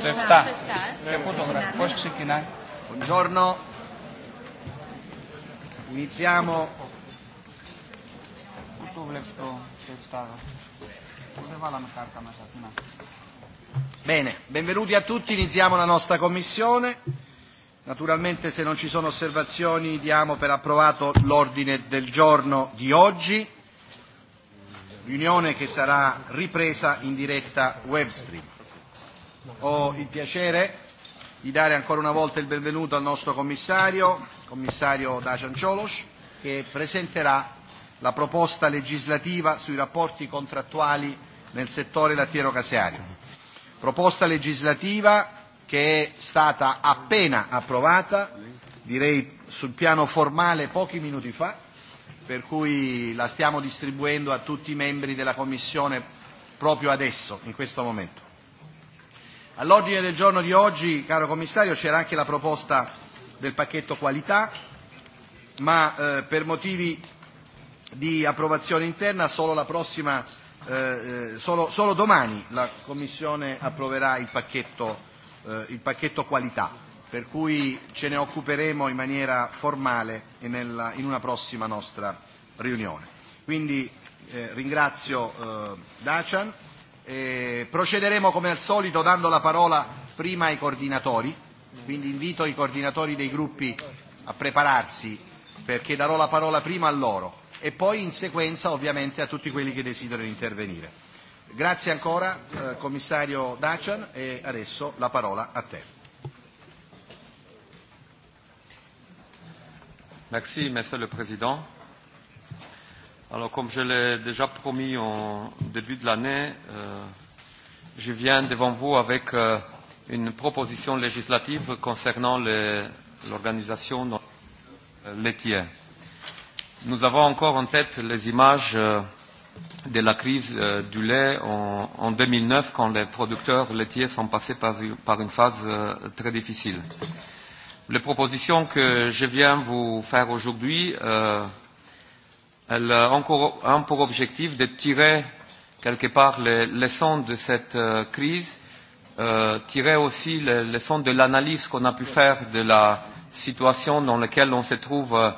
Στο 7. Και πού το γράφει. Πώς ξεκινάει. Buongiorno. Iniziamo. Πού το βλέπεις το 7. Δεν βάλαμε κάρτα μέσα. Bene, benvenuti a tutti, iniziamo la nostra commissione. Naturalmente se non ci sono osservazioni diamo per approvato l'ordine del giorno di oggi, riunione che sarà ripresa in diretta web stream. Ho il piacere di dare ancora una volta il benvenuto al nostro commissario, commissario Dacian Ciolos, che presenterà la proposta legislativa sui rapporti contrattuali nel settore lattiero caseario. Proposta legislativa che è stata appena approvata, direi sul piano formale pochi minuti fa, per cui la stiamo distribuendo a tutti i membri della Commissione proprio adesso, in questo momento. All'ordine del giorno di oggi, caro commissario, c'era anche la proposta del pacchetto qualità, ma eh, per motivi di approvazione interna solo, la prossima, eh, eh, solo, solo domani la Commissione approverà il pacchetto, eh, il pacchetto qualità, per cui ce ne occuperemo in maniera formale e nella, in una prossima nostra riunione. Quindi eh, ringrazio eh, Dacian Eh, procederemo come al solito dando la parola prima ai coordinatori, quindi invito i coordinatori dei gruppi a prepararsi perché darò la parola prima a loro e poi in sequenza ovviamente a tutti quelli che desiderano intervenire. Grazie ancora eh, commissario Dacian e adesso la parola a te. Merci, Monsieur le Président. Alors, comme je l'ai déjà promis en début de l'année, euh, je viens devant vous avec euh, une proposition législative concernant l'organisation laitière. Nous avons encore en tête les images euh, de la crise euh, du lait en, en 2009, quand les producteurs laitiers sont passés par, par une phase euh, très difficile. Les propositions que je viens vous faire aujourd'hui euh, Elle a encore, un pour objectif de tirer quelque part les leçons de cette euh, crise, euh, tirer aussi les leçons de l'analyse qu'on a pu faire de la situation dans laquelle on se trouve euh,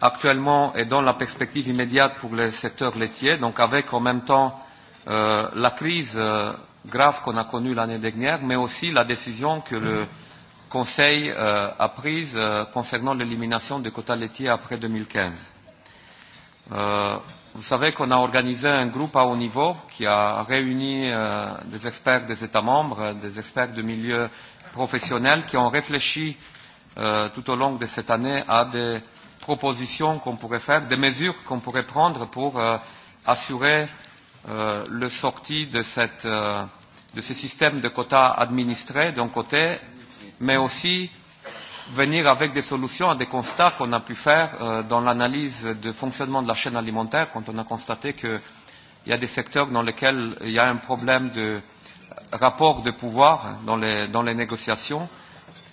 actuellement et dans la perspective immédiate pour le secteur laitier, donc avec en même temps euh, la crise euh, grave qu'on a connue l'année dernière, mais aussi la décision que le Conseil euh, a prise euh, concernant l'élimination des quotas laitiers après 2015. Euh, vous savez qu'on a organisé un groupe à haut niveau qui a réuni euh, des experts des États membres, des experts de milieux professionnels qui ont réfléchi euh, tout au long de cette année à des propositions qu'on pourrait faire, des mesures qu'on pourrait prendre pour euh, assurer euh, le sortie de, cette, euh, de ce système de quotas administrés d'un côté, mais aussi euh, venir avec des solutions à des constats qu'on a pu faire euh, dans l'analyse de fonctionnement de la chaîne alimentaire quand on a constaté qu'il y a des secteurs dans lesquels il y a un problème de rapport de pouvoir dans les, dans les négociations.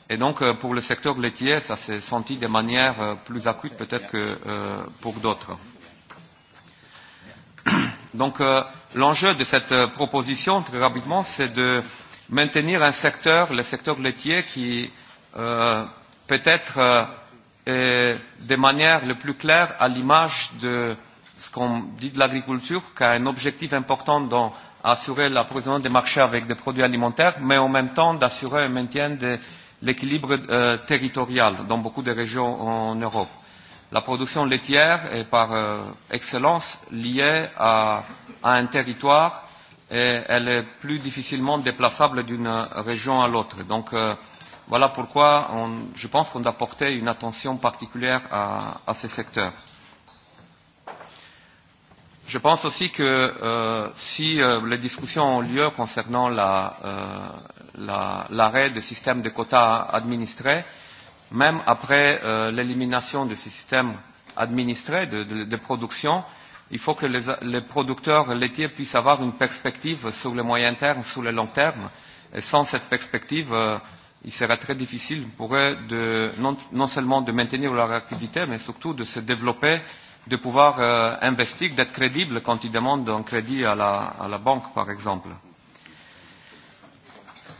Et donc euh, pour le secteur laitier, ça s'est senti de manière euh, plus acute peut-être que euh, pour d'autres. Donc euh, l'enjeu de cette euh, proposition, très rapidement, c'est de maintenir un secteur, le secteur laitier, qui euh, peut-être euh, euh, de manière le plus claire à l'image de ce qu'on dit de l'agriculture, qui a un objectif important dans assurer l'approvisionnement des marchés avec des produits alimentaires, mais en même temps d'assurer un maintien de l'équilibre euh, territorial dans beaucoup de régions en Europe. La production laitière est par euh, excellence liée à, à un territoire et elle est plus difficilement déplaçable d'une région à l'autre. Donc euh, Voilà pourquoi on, je pense qu'on doit porter une attention particulière à, à ces secteurs. Je pense aussi que euh, si euh, les discussions ont lieu concernant l'arrêt la, euh, la, du système de quotas administrés, même après euh, l'élimination du système administré de, de, de production, il faut que les, les producteurs laitiers puissent avoir une perspective sur le moyen terme, sur le long terme. Et sans cette perspective, euh, il sera très difficile pour eux de, non, non seulement de maintenir leur activité, mais surtout de se développer, de pouvoir euh, investir, d'être crédible quand ils demandent un crédit à la, à la banque, par exemple.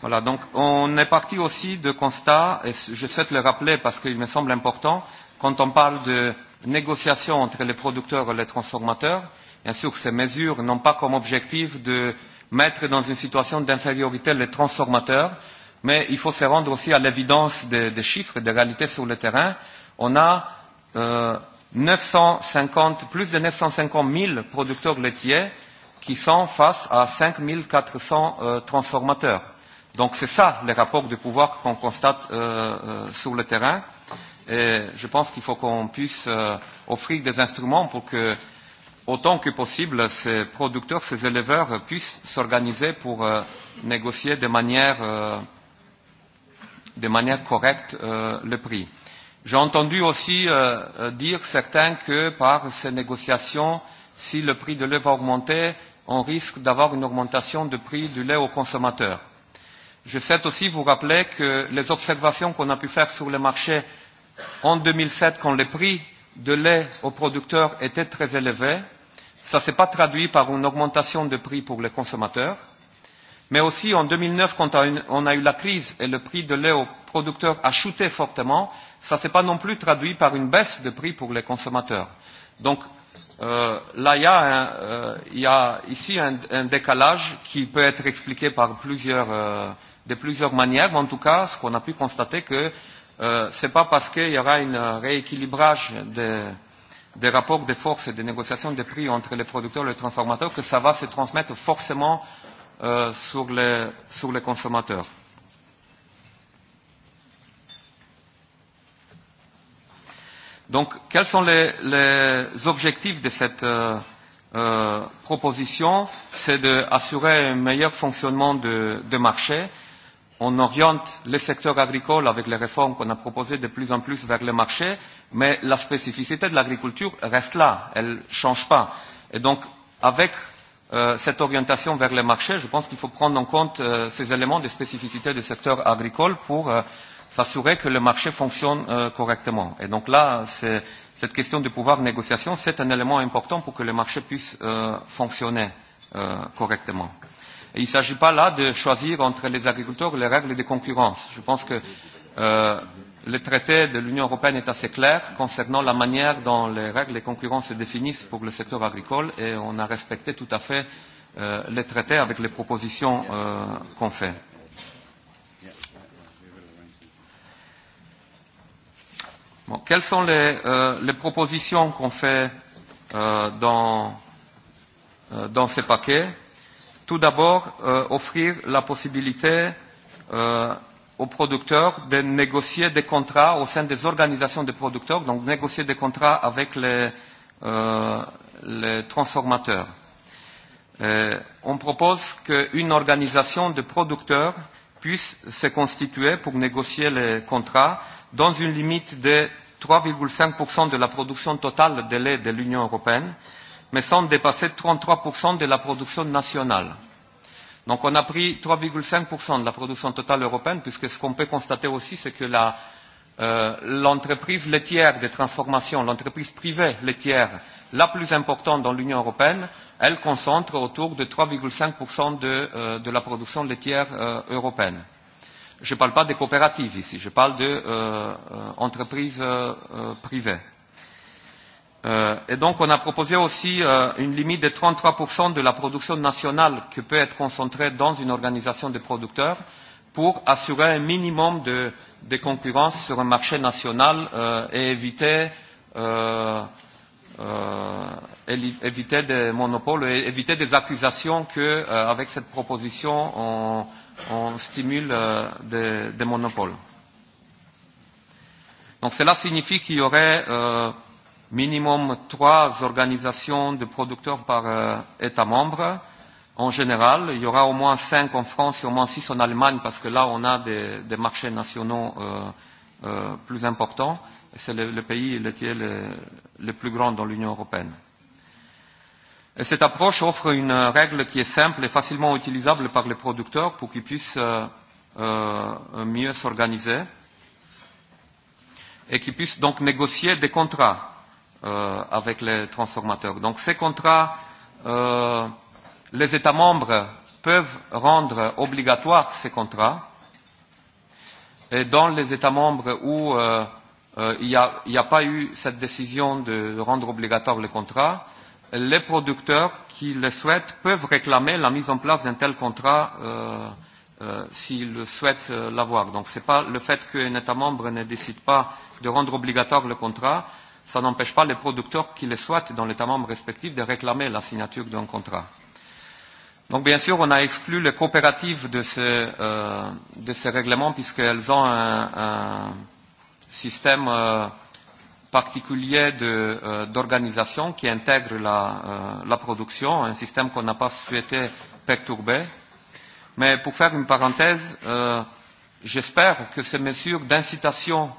Voilà, donc on est parti aussi de constat, et je souhaite le rappeler parce qu'il me semble important, quand on parle de négociation entre les producteurs et les transformateurs, bien sûr, ces mesures n'ont pas comme objectif de mettre dans une situation d'infériorité les transformateurs, mais il faut se rendre aussi à l'évidence des, des chiffres, des réalités sur le terrain. On a euh, 950, plus de 950 000 producteurs laitiers qui sont face à 5 400 euh, transformateurs. Donc c'est ça le rapport de pouvoir qu'on constate euh, euh, sur le terrain. Et je pense qu'il faut qu'on puisse euh, offrir des instruments pour que, autant que possible, ces producteurs, ces éleveurs puissent s'organiser pour euh, négocier de manière euh, de manière correcte euh, le prix. J'ai entendu aussi euh, euh, dire certains que par ces négociations, si le prix de lait va augmenter, on risque d'avoir une augmentation du prix du lait aux consommateurs. Je souhaite aussi vous rappeler que les observations qu'on a pu faire sur le marché en 2007, quand le prix de lait aux producteurs était très élevé, ça ne s'est pas traduit par une augmentation de prix pour les consommateurs, Mais aussi en 2009, quand on a eu la crise et le prix de lait aux producteurs a chuté fortement, ça ne s'est pas non plus traduit par une baisse de prix pour les consommateurs. Donc euh, là, il y, a un, euh, y a ici un, un décalage qui peut être expliqué par plusieurs, euh, de plusieurs manières, mais en tout cas, ce qu'on a pu constater, que euh, ce n'est pas parce qu'il y aura un rééquilibrage des, des rapports de force et de négociation des prix entre les producteurs et les transformateurs que ça va se transmettre forcément euh, sur, les, sur les consommateurs. Donc, quels sont les, les objectifs de cette euh, euh, proposition C'est d'assurer un meilleur fonctionnement de, de marché. On oriente le secteur agricole avec les réformes qu'on a proposées de plus en plus vers le marché, mais la spécificité de l'agriculture reste là, elle ne change pas. Et donc, avec euh, cette orientation vers les marchés, je pense qu'il faut prendre en compte euh, ces éléments de spécificité du secteur agricole pour euh, s'assurer que le marché fonctionne euh, correctement. Et donc là, cette question du pouvoir de négociation, c'est un élément important pour que le marché puisse euh, fonctionner euh, correctement. Et il ne s'agit pas là de choisir entre les agriculteurs les règles de concurrence. Je pense que euh, Le traité de l'Union européenne est assez clair concernant la manière dont les règles de concurrence se définissent pour le secteur agricole et on a respecté tout à fait euh, le traité avec les propositions euh, qu'on fait. Bon, quelles sont les, euh, les propositions qu'on fait euh, dans, euh, dans ce paquet Tout d'abord, euh, offrir la possibilité euh, aux producteurs de négocier des contrats au sein des organisations de producteurs, donc négocier des contrats avec les, euh, les transformateurs. Euh, on propose qu'une organisation de producteurs puisse se constituer pour négocier les contrats dans une limite de 3,5% de la production totale de lait de l'Union européenne, mais sans dépasser 33% de la production nationale. Donc on a pris 3,5% de la production totale européenne, puisque ce qu'on peut constater aussi, c'est que la, euh, l'entreprise laitière de transformation, l'entreprise privée laitière la plus importante dans l'Union européenne, elle concentre autour de 3,5% de, euh, de la production laitière euh, européenne. Je ne parle pas des coopératives ici, je parle d'entreprises de, euh, euh, entreprises, euh, euh privées. Euh, et donc, on a proposé aussi euh, une limite de 33% de la production nationale qui peut être concentrée dans une organisation de producteurs pour assurer un minimum de, de concurrence sur un marché national euh, et éviter, euh, euh, éviter des monopoles et éviter des accusations que, euh, avec cette proposition, on, on stimule euh, des, des monopoles. Donc, cela signifie qu'il y aurait euh, minimum trois organisations de producteurs par euh, État membre. En général, il y aura au moins cinq en France et au moins six en Allemagne, parce que là, on a des, des marchés nationaux euh, euh, plus importants. C'est le, le pays laitier le, le plus grand dans l'Union européenne. Et cette approche offre une règle qui est simple et facilement utilisable par les producteurs pour qu'ils puissent euh, euh, mieux s'organiser et qu'ils puissent donc négocier des contrats euh, avec les transformateurs. Donc ces contrats, euh, les États membres peuvent rendre obligatoires ces contrats. Et dans les États membres où euh, euh, il n'y a, il y a pas eu cette décision de rendre obligatoire le contrat, les producteurs qui le souhaitent peuvent réclamer la mise en place d'un tel contrat euh, euh, s'ils le souhaitent euh, l'avoir. Donc ce n'est pas le fait qu'un État membre ne décide pas de rendre obligatoire le contrat, ça n'empêche pas les producteurs qui le souhaitent dans l'État membre respectif de réclamer la signature d'un contrat. Donc bien sûr, on a exclu les coopératives de ce, euh, de ce règlement puisqu'elles ont un, un système euh, particulier euh, d'organisation euh, qui intègre la, euh, la production, un système qu'on n'a pas souhaité perturber. Mais pour faire une parenthèse, euh, j'espère que ces mesures d'incitation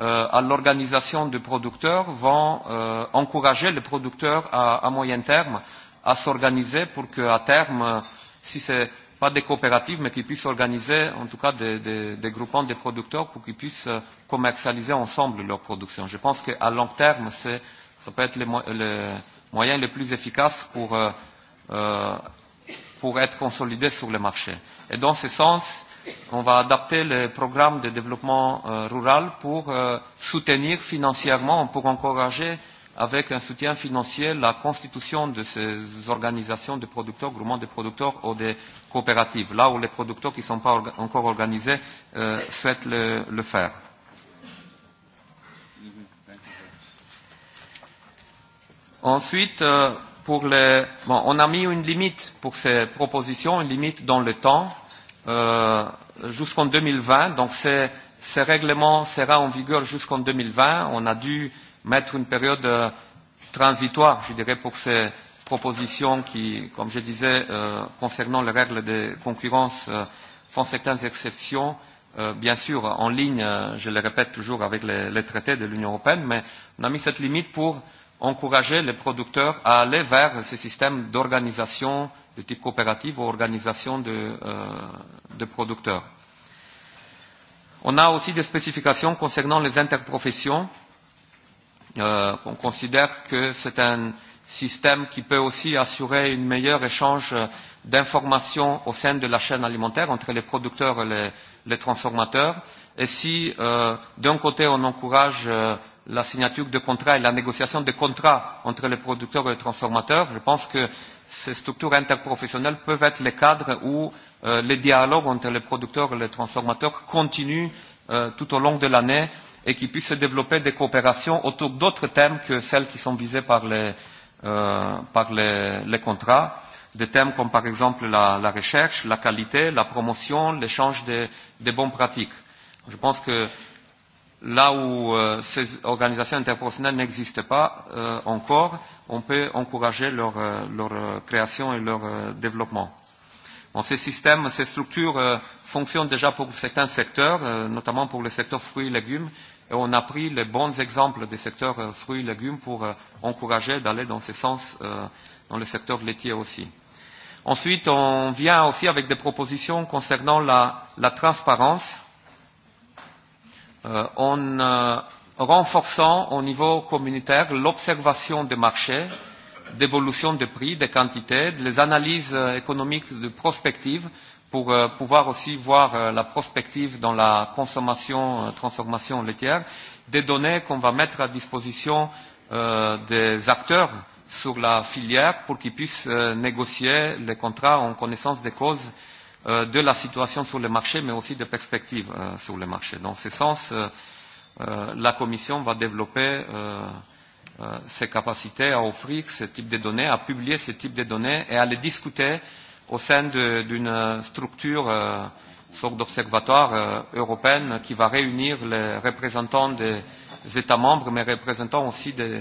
euh, à l'organisation de producteurs vont euh, encourager les producteurs à, à moyen terme à s'organiser pour qu'à terme, si c'est pas des coopératives, mais qu'ils puissent organiser en tout cas des, des, des groupements de producteurs pour qu'ils puissent euh, commercialiser ensemble leur production. Je pense qu'à long terme, ça peut être le, le moyen le plus efficace pour, euh, euh, pour être consolidé sur le marché. Et dans ce sens, qu'on va adapter le programme de développement euh, rural pour euh, soutenir financièrement, pour encourager avec un soutien financier la constitution de ces organisations de producteurs, groupements de producteurs ou des coopératives, là où les producteurs qui ne sont pas orga encore organisés euh, souhaitent le, le faire. Ensuite, euh, pour les, bon, on a mis une limite pour ces propositions, une limite dans le temps. Euh, euh, jusqu'en 2020. Donc ce, ce règlement sera en vigueur jusqu'en 2020. On a dû mettre une période euh, transitoire, je dirais, pour ces propositions qui, comme je disais, euh, concernant les règles de concurrence, euh, font certaines exceptions. Euh, bien sûr, en ligne, euh, je le répète toujours avec les, les traités de l'Union européenne, mais on a mis cette limite pour encourager les producteurs à aller vers ces systèmes d'organisation de type coopérative ou organisation de, euh, de producteurs. On a aussi des spécifications concernant les interprofessions. Euh, on considère que c'est un système qui peut aussi assurer un meilleur échange d'informations au sein de la chaîne alimentaire entre les producteurs et les, les transformateurs. Et si, euh, d'un côté, on encourage euh, la signature de contrats et la négociation de contrats entre les producteurs et les transformateurs, je pense que ces structures interprofessionnelles peuvent être les cadres où euh, les dialogues entre les producteurs et les transformateurs continuent euh, tout au long de l'année et qui puissent se développer des coopérations autour d'autres thèmes que celles qui sont visées par les, euh, par les, les contrats, des thèmes comme par exemple la, la recherche, la qualité, la promotion, l'échange des, des bonnes pratiques. Je pense que là où euh, ces organisations interprofessionnelles n'existent pas euh, encore, on peut encourager leur, euh, leur euh, création et leur euh, développement. Bon, ces systèmes, ces structures euh, fonctionnent déjà pour certains secteurs, euh, notamment pour le secteur fruits et légumes, et on a pris les bons exemples des secteurs euh, fruits et légumes pour euh, encourager d'aller dans ce sens euh, dans le secteur laitier aussi. Ensuite, on vient aussi avec des propositions concernant la, la transparence euh, en euh, renforçant au niveau communautaire l'observation des marchés, d'évolution des prix, des quantités, les analyses euh, économiques de prospective pour euh, pouvoir aussi voir euh, la prospective dans la consommation, euh, transformation laitière, des données qu'on va mettre à disposition euh, des acteurs sur la filière pour qu'ils puissent euh, négocier les contrats en connaissance des causes euh, euh, de la situation sur le marché, mais aussi des perspectives euh, sur le marché. Dans ce sens, euh, euh, la Commission va développer euh, euh, ses capacités à offrir ce type de données, à publier ce type de données et à les discuter au sein d'une structure, euh, sorte d'observatoire euh, européenne qui va réunir les représentants des États membres, mais représentant aussi des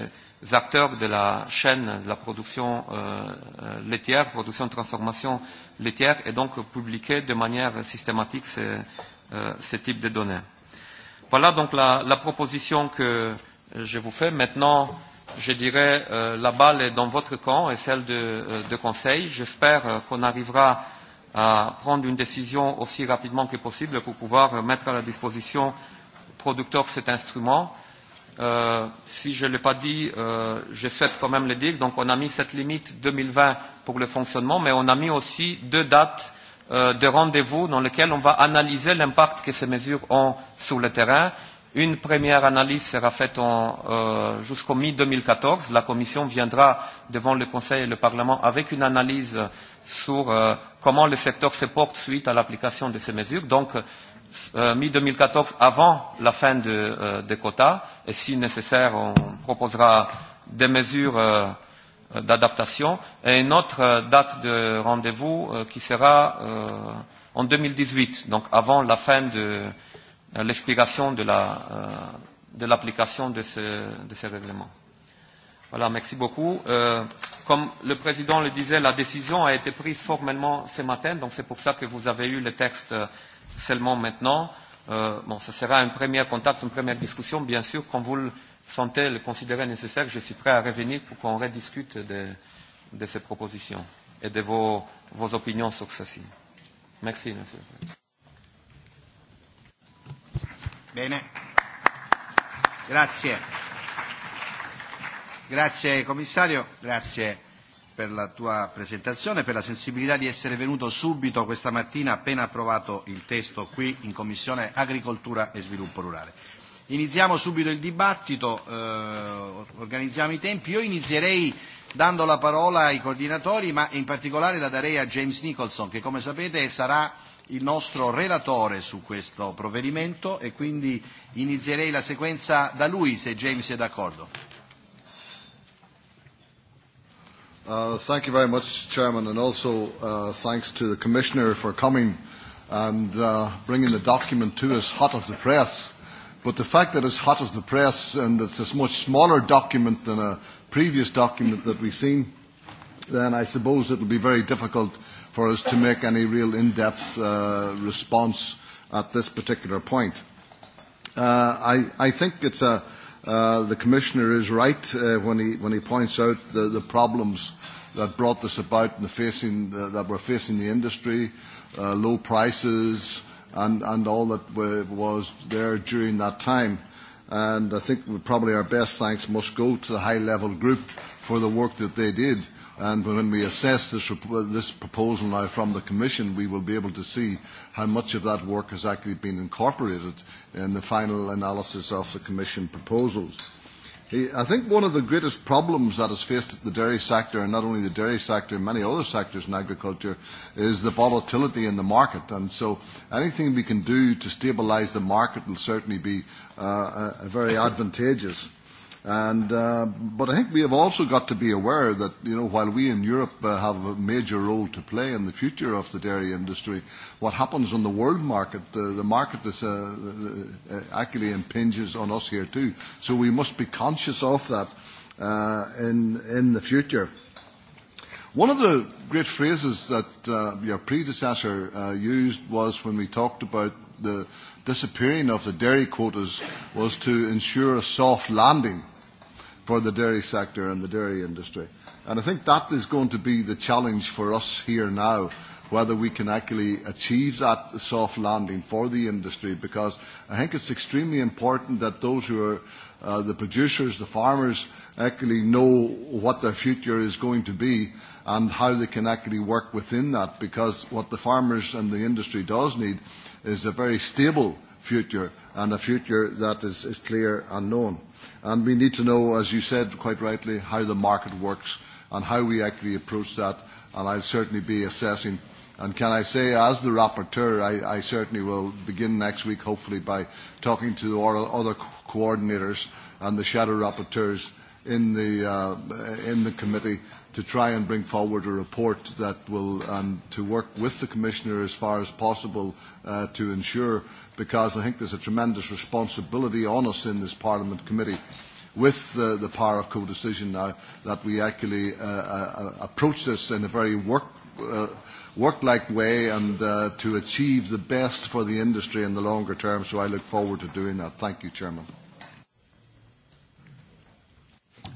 acteurs de la chaîne de la production euh, euh laitière, production transformation laitière, et donc publier de manière systématique ce, euh, ce type de données. Voilà donc la, la proposition que je vous fais. Maintenant, je dirais, euh, la balle est dans votre camp et celle de, euh, de conseil. J'espère euh, qu'on arrivera à prendre une décision aussi rapidement que possible pour pouvoir mettre à la disposition producteurs cet instrument euh, si je ne l'ai pas dit, euh, je souhaite quand même le dire. Donc, on a mis cette limite 2020 pour le fonctionnement, mais on a mis aussi deux dates euh, de rendez-vous dans lesquelles on va analyser l'impact que ces mesures ont sur le terrain. Une première analyse sera faite euh, jusqu'au mi-2014. La Commission viendra devant le Conseil et le Parlement avec une analyse sur euh, comment le secteur se porte suite à l'application de ces mesures. Donc, euh, mi-2014 avant la fin de, euh, des quotas. Et si nécessaire, on proposera des mesures euh, d'adaptation. Et une autre euh, date de rendez-vous euh, qui sera euh, en 2018, donc avant la fin de euh, l'expiration de la. Euh, de l'application de ce, de ce règlement. Voilà, merci beaucoup. Euh, comme le président le disait, la décision a été prise formellement ce matin, donc c'est pour ça que vous avez eu le texte euh, seulement maintenant. Euh, bon, ce sera un premier contact, une première discussion. Bien sûr, quand vous le sentez, le considérez nécessaire, je suis prêt à revenir pour qu'on rediscute de, de ces propositions et de vos, vos opinions sur ceci. Merci, monsieur. Bene. Grazie. Grazie commissario, grazie per la tua presentazione e per la sensibilità di essere venuto subito questa mattina appena approvato il testo qui in Commissione Agricoltura e Sviluppo Rurale. Iniziamo subito il dibattito, eh, organizziamo i tempi. Io inizierei dando la parola ai coordinatori, ma in particolare la darei a James Nicholson, che come sapete sarà il nostro relatore su questo provvedimento e quindi inizierei la sequenza da lui, se James è d'accordo. Uh, thank you very much, Chairman, and also uh, thanks to the Commissioner for coming and uh, bringing the document to us hot off the press. But the fact that it's hot off the press and it's a much smaller document than a previous document that we've seen, then I suppose it will be very difficult for us to make any real in-depth uh, response at this particular point. Uh, I, I think it's a, Uh, the Commissioner is right uh, when, he, when he points out the, the problems that brought this about and the facing, uh, that were facing the industry, uh, low prices and, and all that w- was there during that time. And I think probably our best thanks must go to the high-level group for the work that they did. And when we assess this, this proposal now from the Commission, we will be able to see how much of that work has actually been incorporated in the final analysis of the Commission proposals. I think one of the greatest problems that has faced the dairy sector, and not only the dairy sector, many other sectors in agriculture, is the volatility in the market. And so anything we can do to stabilise the market will certainly be uh, uh, very advantageous. And, uh, but I think we have also got to be aware that, you know, while we in Europe uh, have a major role to play in the future of the dairy industry, what happens on the world market, uh, the market is, uh, uh, actually impinges on us here too. So we must be conscious of that uh, in, in the future. One of the great phrases that uh, your predecessor uh, used was when we talked about the disappearing of the dairy quotas was to ensure a soft landing for the dairy sector and the dairy industry. And I think that is going to be the challenge for us here now, whether we can actually achieve that soft landing for the industry, because I think it's extremely important that those who are uh, the producers, the farmers, actually know what their future is going to be and how they can actually work within that, because what the farmers and the industry does need is a very stable future and a future that is, is clear and known. And we need to know, as you said quite rightly, how the market works and how we actually approach that. And I'll certainly be assessing. And can I say, as the rapporteur, I, I certainly will begin next week, hopefully, by talking to the other coordinators and the shadow rapporteurs in the, uh, in the committee to try and bring forward a report that will, and um, to work with the Commissioner as far as possible uh, to ensure, because I think there's a tremendous responsibility on us in this Parliament Committee with uh, the power of co-decision now that we actually uh, uh, uh, approach this in a very work, uh, work-like way and uh, to achieve the best for the industry in the longer term. So I look forward to doing that. Thank you, Chairman.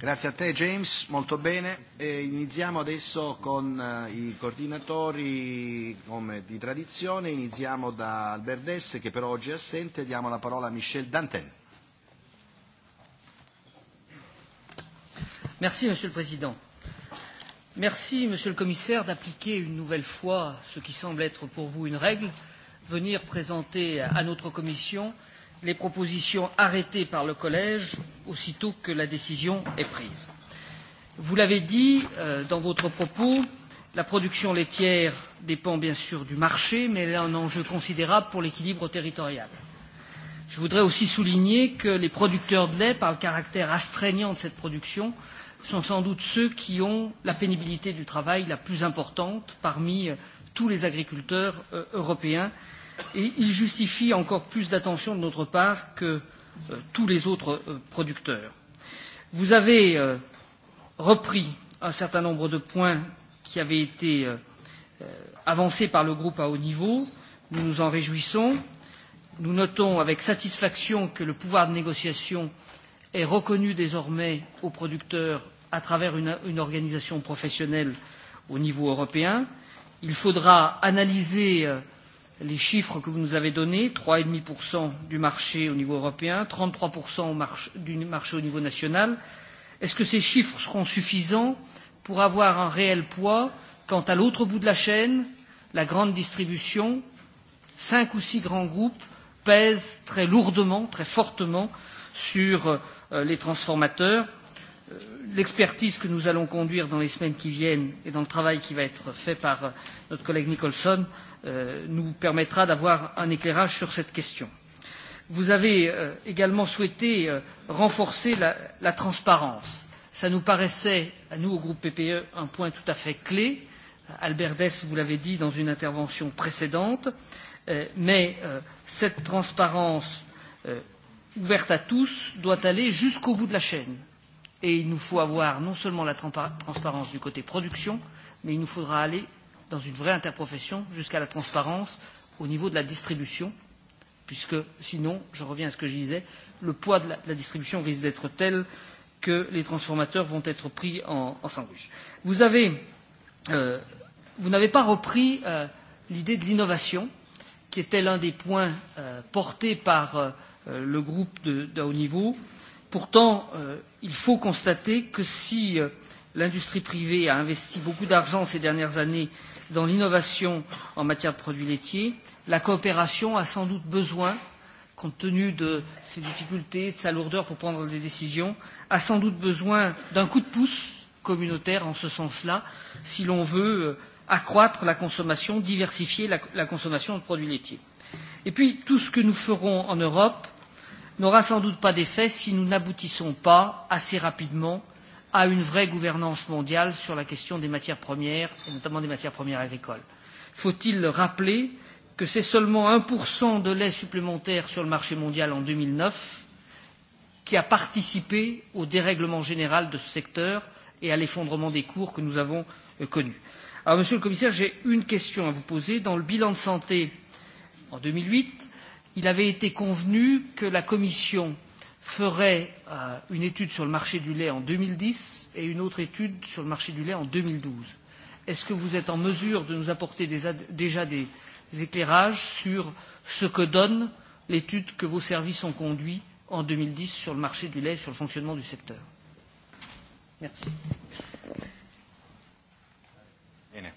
Grazie a te James, molto bene. E iniziamo adesso con uh, i coordinatori come di tradizione, iniziamo da Albert Dess che però oggi è assente, diamo la parola a Michel Danten. Merci Monsieur le Président. Merci Monsieur le Commissaire d'appliquer une nouvelle fois ce qui semble être pour vous une règle, venir présenter à notre Commission euh, les propositions arrêtées par le Collège aussitôt que la décision est prise. Vous l'avez dit euh, dans votre propos, la production laitière dépend bien sûr du marché, mais elle a un enjeu considérable pour l'équilibre territorial. Je voudrais aussi souligner que les producteurs de lait, par le caractère astreignant de cette production, sont sans doute ceux qui ont la pénibilité du travail la plus importante parmi euh, tous les agriculteurs euh, européens. Euh, et il justifie encore plus d'attention de notre part que euh, tous les autres euh, producteurs. Vous avez euh, repris un certain nombre de points qui avaient été euh, euh, avancés par le groupe à haut niveau. Nous nous en réjouissons. Nous notons avec satisfaction que le pouvoir de négociation est reconnu désormais aux producteurs à travers une, une organisation professionnelle au niveau européen. Il faudra analyser euh, les chiffres que vous nous avez donnés, 3,5% du marché au niveau européen, 33% au marché, du marché au niveau national. Est-ce que ces chiffres seront suffisants pour avoir un réel poids quant à l'autre bout de la chaîne, la grande distribution Cinq ou six grands groupes pèsent très lourdement, très fortement sur euh, les transformateurs. Euh, l'expertise que nous allons conduire dans les semaines qui viennent et dans le travail qui va être fait par euh, notre collègue Nicholson euh, euh, nous permettra d'avoir un éclairage sur cette question. Vous avez euh, également souhaité euh, renforcer la, la transparence. Ça nous paraissait, à nous au groupe PPE, un point tout à fait clé. Albert Dess vous l'avait dit dans une intervention précédente, euh, mais euh, cette transparence euh, ouverte à tous doit aller jusqu'au bout de la chaîne. Et il nous faut avoir non seulement la transparence du côté production, mais il nous faudra aller dans une vraie interprofession jusqu'à la transparence au niveau de la distribution, puisque sinon, je reviens à ce que je disais, le poids de la, de la distribution risque d'être tel que les transformateurs vont être pris en, en sandwich. Vous avez, euh, vous n'avez pas repris euh, l'idée de l'innovation, qui était l'un des points euh, portés par euh, le groupe de, de haut niveau. Pourtant, euh, il faut constater que si euh, l'industrie privée a investi beaucoup d'argent ces dernières années euh, dans l'innovation en matière de produits laitiers, la coopération a sans doute besoin, compte tenu de ses difficultés, de sa lourdeur pour prendre des décisions, a sans doute besoin d'un coup de pouce communautaire en ce sens-là, si l'on veut euh, accroître la consommation, diversifier la, la consommation de produits laitiers. Et puis, tout ce que nous ferons en Europe n'aura sans doute pas d'effet si nous n'aboutissons pas assez rapidement à une vraie gouvernance mondiale sur la question des matières premières, et notamment des matières premières agricoles. Faut-il rappeler que c'est seulement 1% de lait supplémentaire sur le marché mondial en 2009 qui a participé au dérèglement général de ce secteur et à l'effondrement des cours que nous avons euh, connu. Alors, Monsieur le Commissaire, j'ai une question à vous poser. Dans le bilan de santé en 2008, il avait été convenu que la Commission ferait euh, une étude sur le marché du lait en 2010 et une autre étude sur le marché du lait en 2012. Est-ce que vous êtes en mesure de nous apporter des, déjà des, des éclairages sur ce que donne l'étude que vos services ont conduite en 2010 sur le marché du lait et sur le fonctionnement du secteur Merci. Bene.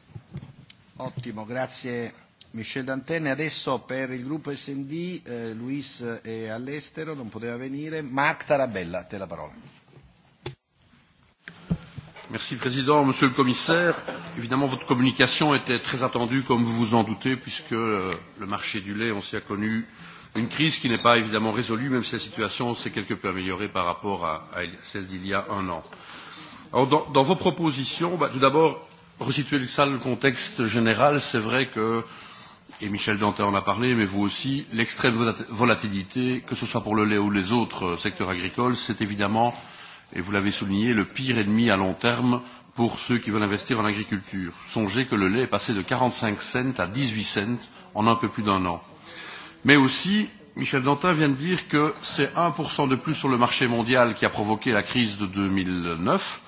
Ottimo, grazie Michel Dantenne. Adesso per il gruppo SD, eh, Luis eh, è all'estero, non poteva venire. Marc Tarabella, a te la parola. Merci Président, Monsieur le Commissaire. Évidemment, votre communication était très attendue, comme vous vous en doutez, puisque euh, le marché du lait, on s'y a connu une crise qui n'est pas évidemment résolue, même si la situation s'est quelque peu améliorée par rapport à, à celle d'il y a un an. Alors, dans, dans vos propositions, bah, tout d'abord, resituer ça dans le contexte général, c'est vrai que et Michel Dantin en a parlé, mais vous aussi, l'extrême volatilité, que ce soit pour le lait ou les autres secteurs agricoles, c'est évidemment, et vous l'avez souligné, le pire ennemi à long terme pour ceux qui veulent investir en agriculture. Songez que le lait est passé de 45 cents à 18 cents en un peu plus d'un an. Mais aussi, Michel Dantin vient de dire que c'est 1% de plus sur le marché mondial qui a provoqué la crise de 2009,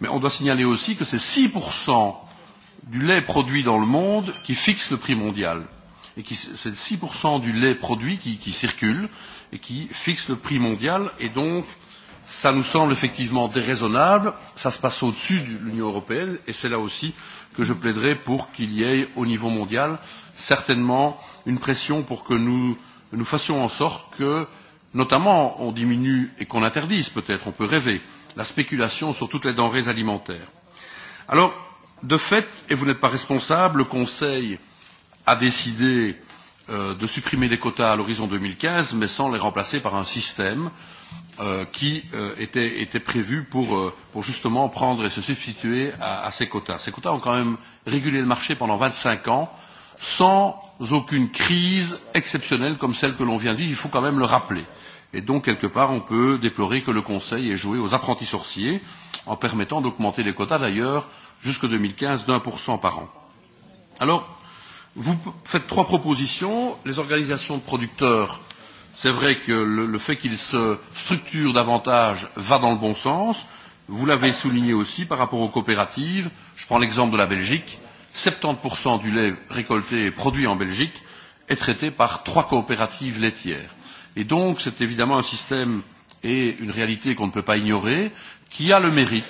mais on doit signaler aussi que c'est 6% du lait produit dans le monde qui fixe le prix mondial. Et qui, c'est le 6% du lait produit qui, qui circule et qui fixe le prix mondial. Et donc, ça nous semble effectivement déraisonnable. Ça se passe au-dessus de l'Union européenne. Et c'est là aussi que je plaiderai pour qu'il y ait au niveau mondial certainement une pression pour que nous, nous fassions en sorte que, notamment, on diminue et qu'on interdise peut-être, on peut rêver, la spéculation sur toutes les denrées alimentaires. Alors, De fait, et vous n'êtes pas responsable, le Conseil a décidé euh, de supprimer les quotas à l'horizon 2015, mais sans les remplacer par un système euh, qui euh, était, était prévu pour, euh, pour justement prendre et se substituer à, à ces quotas. Ces quotas ont quand même régulé le marché pendant 25 ans, sans aucune crise exceptionnelle comme celle que l'on vient de vivre, il faut quand même le rappeler. Et donc, quelque part, on peut déplorer que le Conseil ait joué aux apprentis sorciers en permettant d'augmenter les quotas. D'ailleurs, euh, jusqu'en 2015 d'1% par an. Alors, vous faites trois propositions. Les organisations de producteurs, c'est vrai que le, le fait qu'ils se structurent davantage va dans le bon sens. Vous l'avez souligné aussi par rapport aux coopératives. Je prends l'exemple de la Belgique. 70% du lait récolté et produit en Belgique est traité par trois coopératives laitières. Et donc, c'est évidemment un système et une réalité qu'on ne peut pas ignorer, qui a le mérite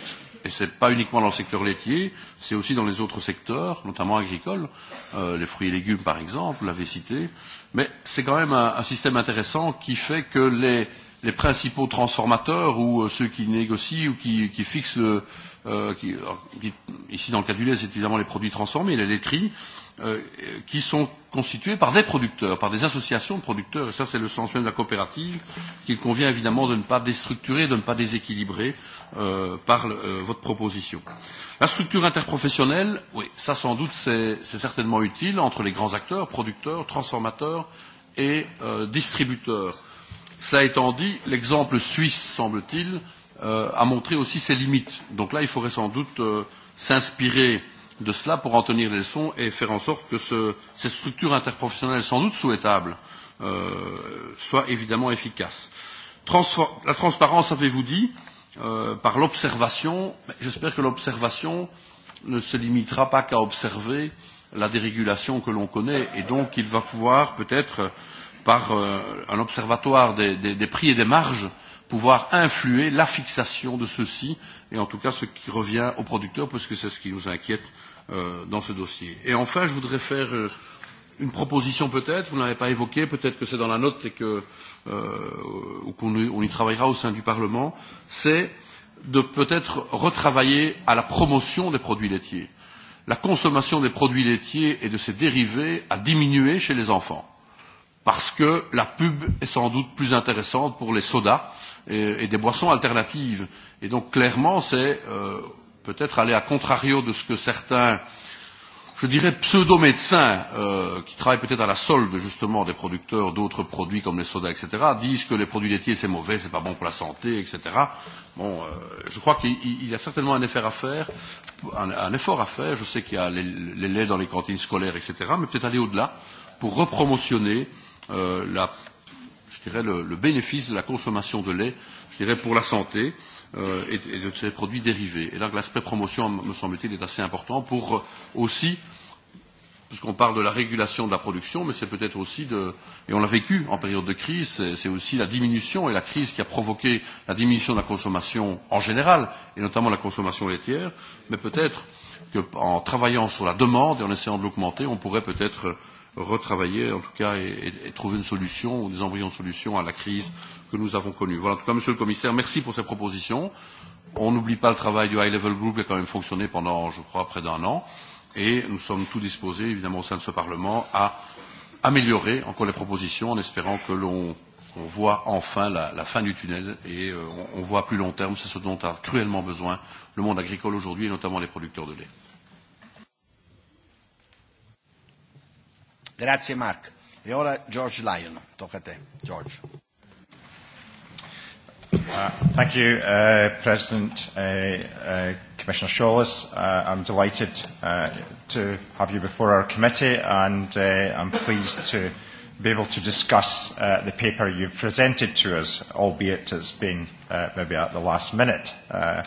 et ce n'est pas uniquement dans le secteur laitier, c'est aussi dans les autres secteurs, notamment agricoles, euh, les fruits et légumes par exemple, l'avait cité, mais c'est quand même un, un système intéressant qui fait que les, les principaux transformateurs ou euh, ceux qui négocient ou qui, qui fixent, le, euh, qui, alors, euh, qui, ici dans le cas du lait, c'est évidemment les produits transformés, les laiteries, euh, qui sont constituée par des producteurs, par des associations de producteurs, et ça c'est le sens même de la coopérative, qu'il convient évidemment de ne pas déstructurer, de ne pas déséquilibrer euh, par le, euh, votre proposition. La structure interprofessionnelle, oui, ça sans doute c'est certainement utile entre les grands acteurs, producteurs, transformateurs et euh, distributeurs. Cela étant dit, l'exemple suisse, semble-t-il, euh, a montré aussi ses limites. Donc là, il faudrait sans doute euh, s'inspirer euh, de cela pour en tenir les leçons et faire en sorte que ce, cette structure interprofessionnelle sans doute souhaitable euh, soit évidemment efficace. Transfor la transparence, avez-vous dit, euh, par l'observation, j'espère que l'observation ne se limitera pas qu'à observer la dérégulation que l'on connaît et donc il va pouvoir peut-être par euh, un observatoire des, des, des prix et des marges pouvoir influer la fixation de ceux-ci et en tout cas ce qui revient aux producteurs, parce que c'est ce qui nous inquiète euh, dans ce dossier. Et enfin, je voudrais faire euh, une proposition peut-être, vous ne l'avez pas évoquée, peut-être que c'est dans la note et que euh, qu'on on y travaillera au sein du Parlement, c'est de peut-être retravailler à la promotion des produits laitiers. La consommation des produits laitiers et de ses dérivés a diminué chez les enfants parce que la pub est sans doute plus intéressante pour les sodas et, et des boissons alternatives. Et donc clairement, c'est euh, peut-être aller à contrario de ce que certains, je dirais, pseudo-médecins euh, qui travaillent peut-être à la solde justement des producteurs d'autres produits comme les sodas, etc., disent que les produits laitiers c'est mauvais, c'est pas bon pour la santé, etc. Bon, euh, je crois qu'il y a certainement un effort à faire, un, un effort à faire. Je sais qu'il y a les, les laits dans les cantines scolaires, etc., mais peut-être aller au-delà pour repromotionner euh, la je dirais, le, le bénéfice de la consommation de lait, je dirais, pour la santé euh, et, et de ses produits dérivés. Et là, l'aspect promotion, me semble-t-il, est assez important pour euh, aussi, puisqu'on parle de la régulation de la production, mais c'est peut-être aussi de, et on l'a vécu en période de crise, c'est aussi la diminution et la crise qui a provoqué la diminution de la consommation en général, et notamment la consommation laitière, mais peut-être qu'en travaillant sur la demande et en essayant de l'augmenter, on pourrait peut-être euh, retravailler, en tout cas, et, et, et trouver une solution ou des embryons de solution à la crise que nous avons connue. Voilà, en tout cas, Monsieur le Commissaire, merci pour ces propositions. On n'oublie pas le travail du High Level Group qui a quand même fonctionné pendant, je crois, près d'un an. Et nous sommes tous disposés, évidemment, au sein de ce Parlement, à améliorer encore les propositions en espérant que l'on on voit enfin la, la fin du tunnel et euh, on, on voit à plus long terme, c'est ce dont a cruellement besoin le monde agricole aujourd'hui et notamment les producteurs de lait. Grazie Mark. E ora George Lyon, tocca a te. George. Uh, thank you, uh, President uh, uh, Commissioner Shawless. Uh, I'm delighted uh, to have you before our committee and uh, I'm pleased to be able to discuss uh, the paper you've presented to us, albeit it's been uh, maybe at the last minute. Uh,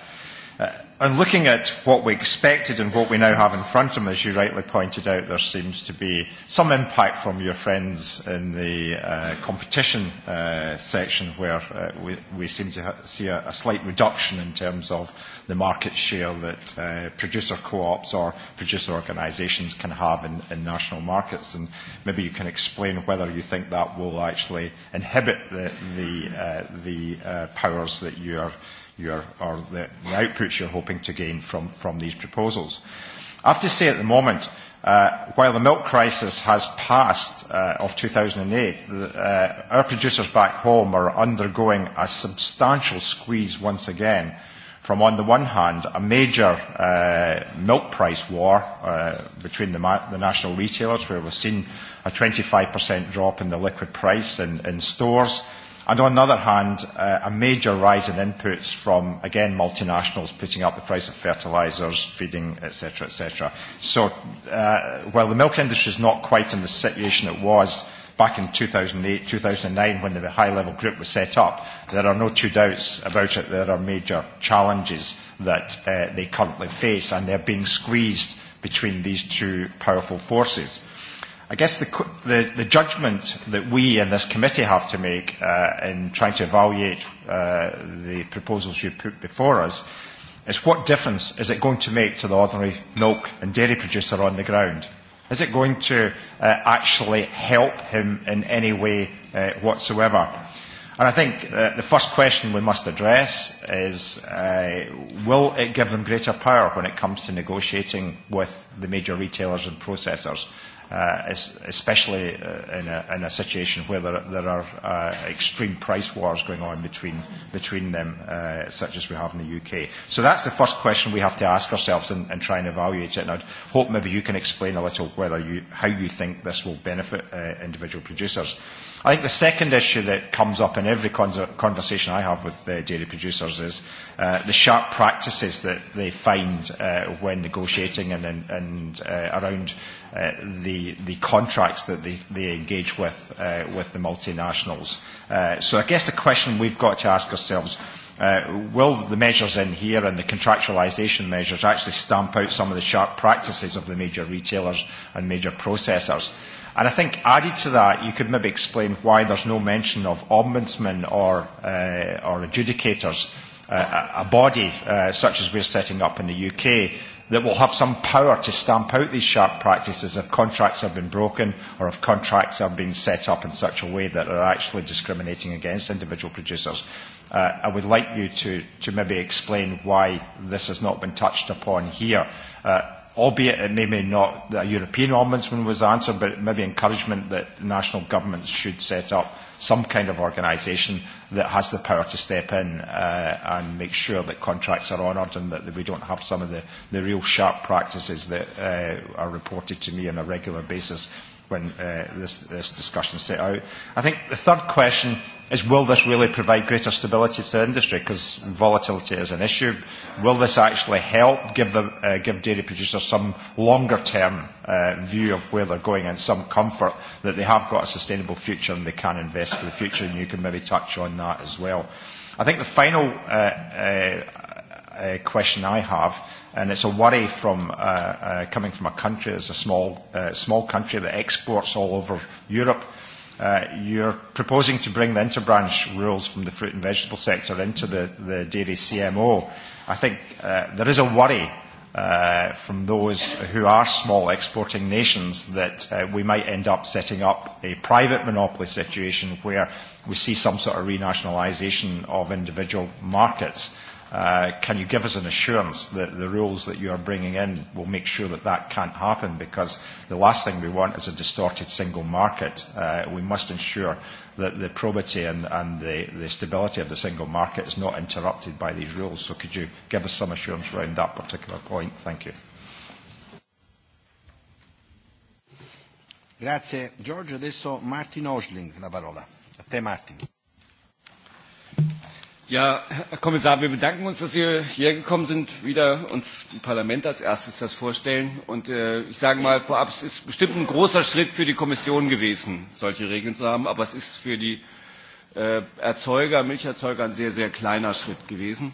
uh, And looking at what we expected and what we now have in front of us, as you rightly pointed out, there seems to be some impact from your friends in the uh, competition uh, section, where uh, we, we seem to ha- see a, a slight reduction in terms of the market share that uh, producer co-ops or producer organisations can have in, in national markets. And maybe you can explain whether you think that will actually inhibit the, the, uh, the uh, powers that you are uh, you're, or the, the outputs you're hoping to gain from, from these proposals. I have to say at the moment, uh, while the milk crisis has passed uh, of 2008, the, uh, our producers back home are undergoing a substantial squeeze once again from, on the one hand, a major uh, milk price war uh, between the, ma- the national retailers, where we've seen a 25% drop in the liquid price in, in stores, uh, And on the other hand, uh, a major rise in inputs from, again, multinationals putting up the price of fertilisers, feeding, etc., etc. So uh, while the milk industry is not quite in the situation it was back in 2008, 2009, when the high-level group was set up, there are no two doubts about it. There are major challenges that uh, they currently face, and they're being squeezed between these two powerful forces. I guess the, the, the judgment that we in this committee have to make uh, in trying to evaluate uh, the proposals you put before us is what difference is it going to make to the ordinary milk and dairy producer on the ground? Is it going to uh, actually help him in any way uh, whatsoever? And I think uh, the first question we must address is, uh, will it give them greater power when it comes to negotiating with the major retailers and processors? uh, especially uh, in, a, in a situation where there, there are uh, extreme price wars going on between, between them, uh, such as we have in the UK. So that's the first question we have to ask ourselves and, and try and evaluate it. And I'd hope maybe you can explain a little whether you, how you think this will benefit uh, individual producers. I think the second issue that comes up in every con conversation I have with uh, dairy producers is uh, the sharp practices that they find uh, when negotiating and, and, and uh, around uh, the, the contracts that they, they engage with, uh, with the multinationals. Uh, so I guess the question we've got to ask ourselves, uh, will the measures in here and the contractualisation measures actually stamp out some of the sharp practices of the major retailers and major processors? And I think added to that, you could maybe explain why there's no mention of ombudsmen or, uh, or adjudicators, uh, a body uh, such as we're setting up in the UK that will have some power to stamp out these sharp practices if contracts have been broken or if contracts have been set up in such a way that are actually discriminating against individual producers. Uh, I would like you to, to maybe explain why this has not been touched upon here. Uh, albeit it maybe not the European Ombudsman was answered, but maybe encouragement that national governments should set up some kind of organisation that has the power to step in uh, and make sure that contracts are honoured and that, that we don't have some of the, the real sharp practices that uh, are reported to me on a regular basis when uh, this, this discussion set out. I think the third question is will this really provide greater stability to the industry? Because volatility is an issue. Will this actually help give, the, uh, give dairy producers some longer term uh, view of where they're going and some comfort that they have got a sustainable future and they can invest for the future? And you can maybe touch on that as well. I think the final uh, uh, uh, question I have and it's a worry from uh, uh, coming from a country that's a small, uh, small country that exports all over Europe. Uh, you're proposing to bring the interbranch rules from the fruit and vegetable sector into the, the dairy CMO. I think uh, there is a worry uh, from those who are small exporting nations that uh, we might end up setting up a private monopoly situation where we see some sort of renationalisation of individual markets. Uh, can you give us an assurance that the rules that you are bringing in will make sure that that can't happen? Because the last thing we want is a distorted single market. Uh, we must ensure that the probity and, and the, the stability of the single market is not interrupted by these rules. So could you give us some assurance around that particular point? Thank you. Grazie Giorgio, adesso Martin Osling la parola. A te Martin. Ja, Herr Kommissar, wir bedanken uns, dass Sie hierher gekommen sind, wieder uns im Parlament als erstes das vorstellen. Und äh, ich sage mal vorab, es ist bestimmt ein großer Schritt für die Kommission gewesen, solche Regeln zu haben, aber es ist für die äh, Erzeuger, Milcherzeuger ein sehr, sehr kleiner Schritt gewesen.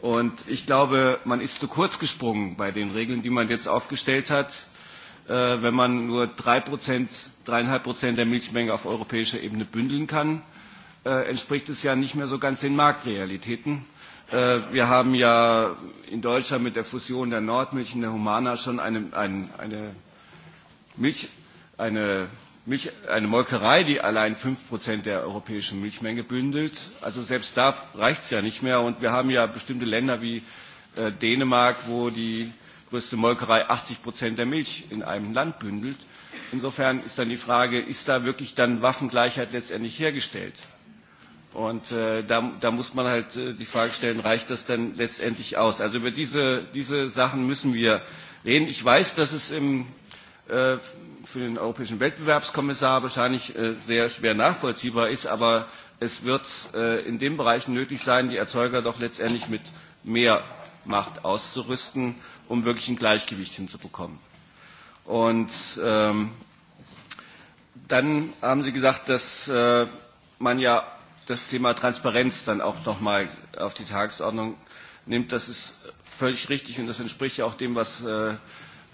Und ich glaube, man ist zu kurz gesprungen bei den Regeln, die man jetzt aufgestellt hat, äh, wenn man nur drei Prozent, dreieinhalb Prozent der Milchmenge auf europäischer Ebene bündeln kann. Äh, äh, entspricht es ja nicht mehr so ganz den Marktrealitäten. Äh, wir haben ja in Deutschland mit der Fusion der Nordmilch und der Humana schon eine, ein, eine, Milch, eine, Milch, eine Molkerei, die allein 5% der europäischen Milchmenge bündelt. Also selbst da reicht es ja nicht mehr. Und wir haben ja bestimmte Länder wie äh, Dänemark, wo die größte Molkerei 80% der Milch in einem Land bündelt. Insofern ist dann die Frage, ist da wirklich dann Waffengleichheit letztendlich hergestellt? Und äh, da, da muss man halt äh, die Frage stellen, reicht das denn letztendlich aus? Also über diese, diese Sachen müssen wir reden. Ich weiß, dass es im, äh, für den europäischen Wettbewerbskommissar wahrscheinlich äh, sehr schwer nachvollziehbar ist, aber es wird äh, in den Bereichen nötig sein, die Erzeuger doch letztendlich mit mehr Macht auszurüsten, um wirklich ein Gleichgewicht hinzubekommen. Und ähm, dann haben Sie gesagt, dass äh, man ja das Thema Transparenz dann auch nochmal auf die Tagesordnung nimmt. Das ist völlig richtig und das entspricht ja auch dem, was, äh,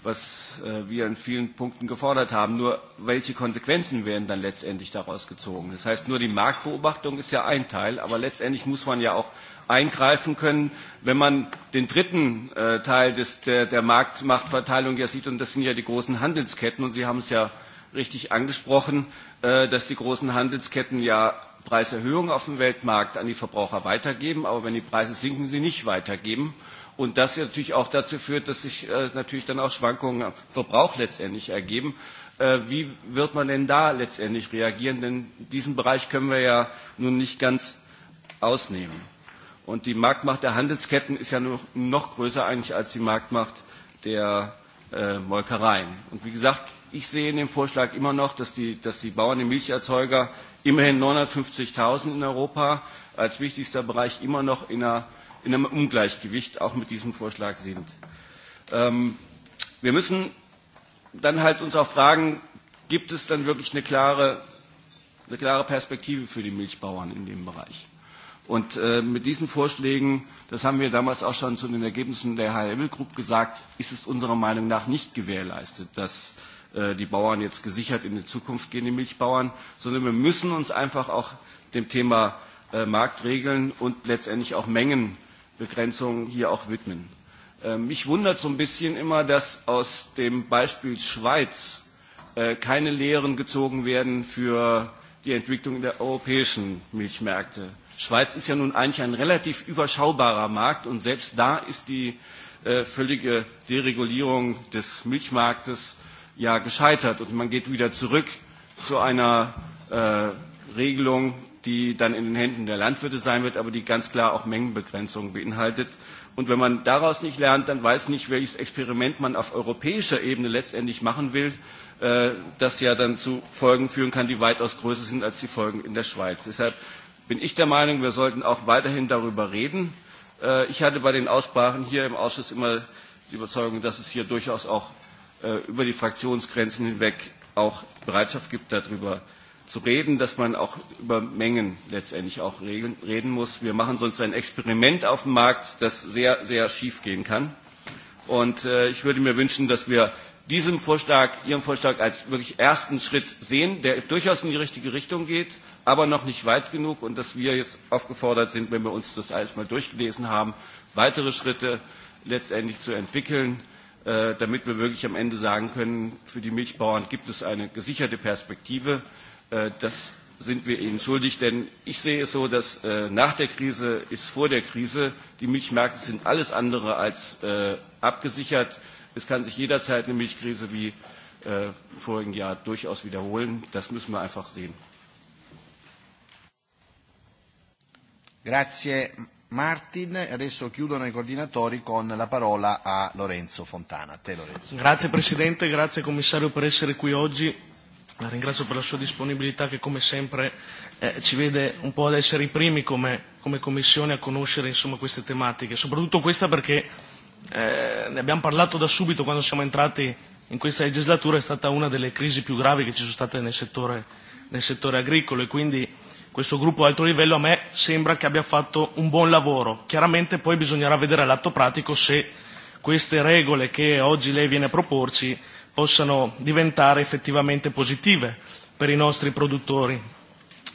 was äh, wir in vielen Punkten gefordert haben. Nur welche Konsequenzen werden dann letztendlich daraus gezogen? Das heißt, nur die Marktbeobachtung ist ja ein Teil, aber letztendlich muss man ja auch eingreifen können, wenn man den dritten äh, Teil des, der, der Marktmachtverteilung ja sieht, und das sind ja die großen Handelsketten, und Sie haben es ja richtig angesprochen, äh, dass die großen Handelsketten ja Preiserhöhungen auf dem Weltmarkt an die Verbraucher weitergeben, aber wenn die Preise sinken, sie nicht weitergeben. Und das natürlich auch dazu führt, dass sich äh, natürlich dann auch Schwankungen am Verbrauch letztendlich ergeben. Äh, wie wird man denn da letztendlich reagieren? Denn diesen Bereich können wir ja nun nicht ganz ausnehmen. Und die Marktmacht der Handelsketten ist ja noch, noch größer eigentlich als die Marktmacht der äh, Molkereien. Und wie gesagt, Ich sehe in dem Vorschlag immer noch, dass die, dass die Bauern und Milcherzeuger immerhin 950.000 in Europa als wichtigster Bereich immer noch in, einer, in einem Ungleichgewicht auch mit diesem Vorschlag sind. Ähm, wir müssen dann halt uns auch fragen, gibt es dann wirklich eine klare, eine klare Perspektive für die Milchbauern in dem Bereich? Und äh, mit diesen Vorschlägen, das haben wir damals auch schon zu den Ergebnissen der HLM Group gesagt, ist es unserer Meinung nach nicht gewährleistet, dass äh, Äh, die Bauern jetzt gesichert in die Zukunft gehen, die Milchbauern, sondern wir müssen uns einfach auch dem Thema äh, Marktregeln und letztendlich auch Mengenbegrenzungen hier auch widmen. Ähm, mich wundert so ein bisschen immer, dass aus dem Beispiel Schweiz äh, keine Lehren gezogen werden für die Entwicklung der europäischen Milchmärkte. Schweiz ist ja nun eigentlich ein relativ überschaubarer Markt und selbst da ist die äh, völlige Deregulierung des Milchmarktes ja gescheitert und man geht wieder zurück zu einer äh, Regelung, die dann in den Händen der Landwirte sein wird, aber die ganz klar auch Mengenbegrenzungen beinhaltet. Und wenn man daraus nicht lernt, dann weiß nicht, welches Experiment man auf europäischer Ebene letztendlich machen will, äh, das ja dann zu Folgen führen kann, die weitaus größer sind als die Folgen in der Schweiz. Deshalb bin ich der Meinung, wir sollten auch weiterhin darüber reden. Äh, ich hatte bei den Aussprachen hier im Ausschuss immer die Überzeugung, dass es hier durchaus auch äh, über die Fraktionsgrenzen hinweg auch Bereitschaft gibt, darüber zu reden, dass man auch über Mengen letztendlich auch regeln, reden muss. Wir machen sonst ein Experiment auf dem Markt, das sehr, sehr schief gehen kann. Und äh, ich würde mir wünschen, dass wir diesem Vorschlag, Ihrem Vorschlag als wirklich ersten Schritt sehen, der durchaus in die richtige Richtung geht, aber noch nicht weit genug und dass wir jetzt aufgefordert sind, wenn wir uns das alles mal durchgelesen haben, weitere Schritte letztendlich zu entwickeln äh, damit wir wirklich am Ende sagen können, für die Milchbauern gibt es eine gesicherte Perspektive. Äh, das sind wir ihnen schuldig, denn ich sehe es so, dass äh, nach der Krise ist vor der Krise. Die Milchmärkte sind alles andere als äh, abgesichert. Es kann sich jederzeit eine Milchkrise wie äh, im vorigen Jahr durchaus wiederholen. Das müssen wir einfach sehen. Grazie Martin e adesso chiudono i coordinatori con la parola a Lorenzo Fontana. A te Lorenzo. Grazie Presidente, grazie Commissario per essere qui oggi. La ringrazio per la sua disponibilità che come sempre eh, ci vede un po' ad essere i primi come, come Commissione a conoscere insomma, queste tematiche, soprattutto questa perché eh, ne abbiamo parlato da subito quando siamo entrati in questa legislatura, è stata una delle crisi più gravi che ci sono state nel settore, nel settore agricolo e quindi questo gruppo alto livello a me sembra che abbia fatto un buon lavoro. Chiaramente poi bisognerà vedere all'atto pratico se queste regole che oggi lei viene a proporci possano diventare effettivamente positive per i nostri produttori.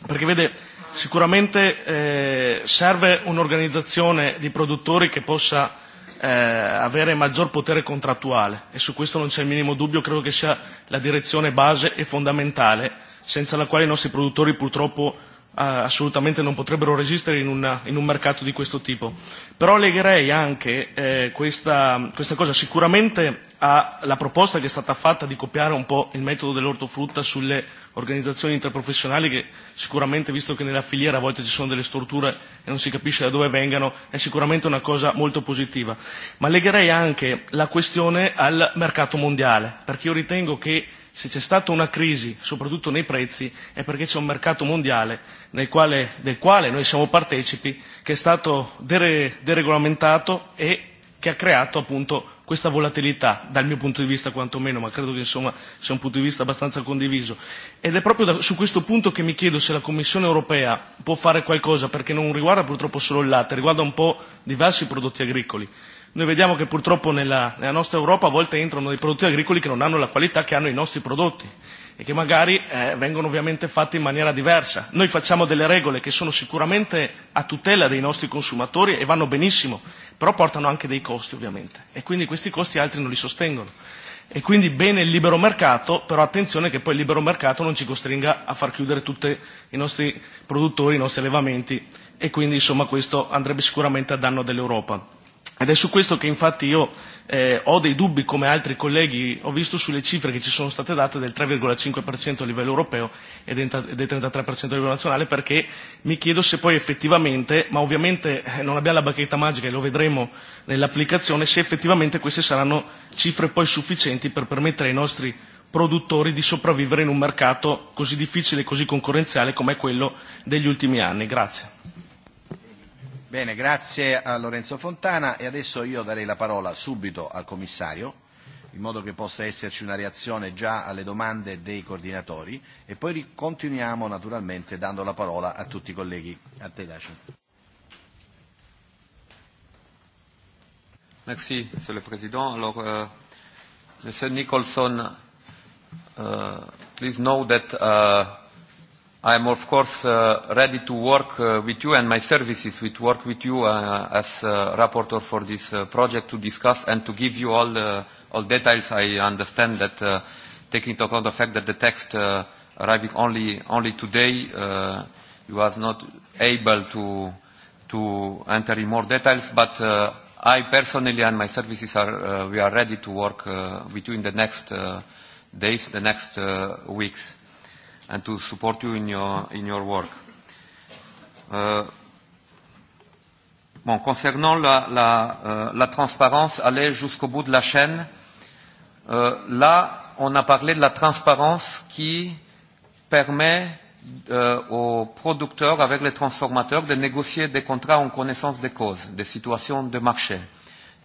Perché vede, sicuramente eh, serve un'organizzazione di produttori che possa eh, avere maggior potere contrattuale e su questo non c'è il minimo dubbio, credo che sia la direzione base e fondamentale senza la quale i nostri produttori purtroppo assolutamente non potrebbero resistere in, una, in un mercato di questo tipo. Però legherei anche eh, questa, questa cosa sicuramente alla proposta che è stata fatta di copiare un po' il metodo dell'ortofrutta sulle organizzazioni interprofessionali che sicuramente, visto che nella filiera a volte ci sono delle storture e non si capisce da dove vengano, è sicuramente una cosa molto positiva. Ma legherei anche la questione al mercato mondiale, perché io ritengo che se c'è stata una crisi, soprattutto nei prezzi, è perché c'è un mercato mondiale nel quale, del quale noi siamo partecipi, che è stato dere, deregolamentato e che ha creato appunto questa volatilità, dal mio punto di vista quantomeno, ma credo che insomma sia un punto di vista abbastanza condiviso. Ed è proprio da, su questo punto che mi chiedo se la Commissione europea può fare qualcosa, perché non riguarda purtroppo solo il latte, riguarda un po' diversi prodotti agricoli. Noi vediamo che purtroppo nella, nella nostra Europa a volte entrano dei prodotti agricoli che non hanno la qualità che hanno i nostri prodotti e che magari eh, vengono ovviamente fatti in maniera diversa. Noi facciamo delle regole che sono sicuramente a tutela dei nostri consumatori e vanno benissimo, però portano anche dei costi ovviamente e quindi questi costi altri non li sostengono. E quindi bene il libero mercato, però attenzione che poi il libero mercato non ci costringa a far chiudere tutti i nostri produttori, i nostri allevamenti e quindi insomma questo andrebbe sicuramente a danno dell'Europa. Ed è su questo che infatti io eh, ho dei dubbi, come altri colleghi, ho visto sulle cifre che ci sono state date del 3,5% a livello europeo e del 33% a livello nazionale, perché mi chiedo se poi effettivamente, ma ovviamente eh, non abbiamo la bacchetta magica e lo vedremo nell'applicazione, se effettivamente queste saranno cifre poi sufficienti per permettere ai nostri produttori di sopravvivere in un mercato così difficile e così concorrenziale come quello degli ultimi anni. Grazie. Bene, grazie a Lorenzo Fontana e adesso io darei la parola subito al Commissario in modo che possa esserci una reazione già alle domande dei coordinatori e poi continuiamo naturalmente dando la parola a tutti i colleghi. A te Daci. Merci, Monsieur le Président. Alors, uh, Monsieur Nicholson, uh, please know that uh, I am of course uh, ready to work uh, with you and my services will work with you uh, as uh, rapporteur for this uh, project to discuss and to give you all, uh, all details. I understand that uh, taking into account the fact that the text uh, arriving only, only today, uh, you was not able to, to enter in more details, but uh, I personally and my services are, uh, we are ready to work uh, with you in the next uh, days, the next uh, weeks and to support you in your, in your work. Euh, bon, concernant la, la, euh, la transparence, aller jusqu'au bout de la chaîne, euh, là, on a parlé de la transparence qui permet euh, aux producteurs, avec les transformateurs, de négocier des contrats en connaissance des causes, des situations de marché.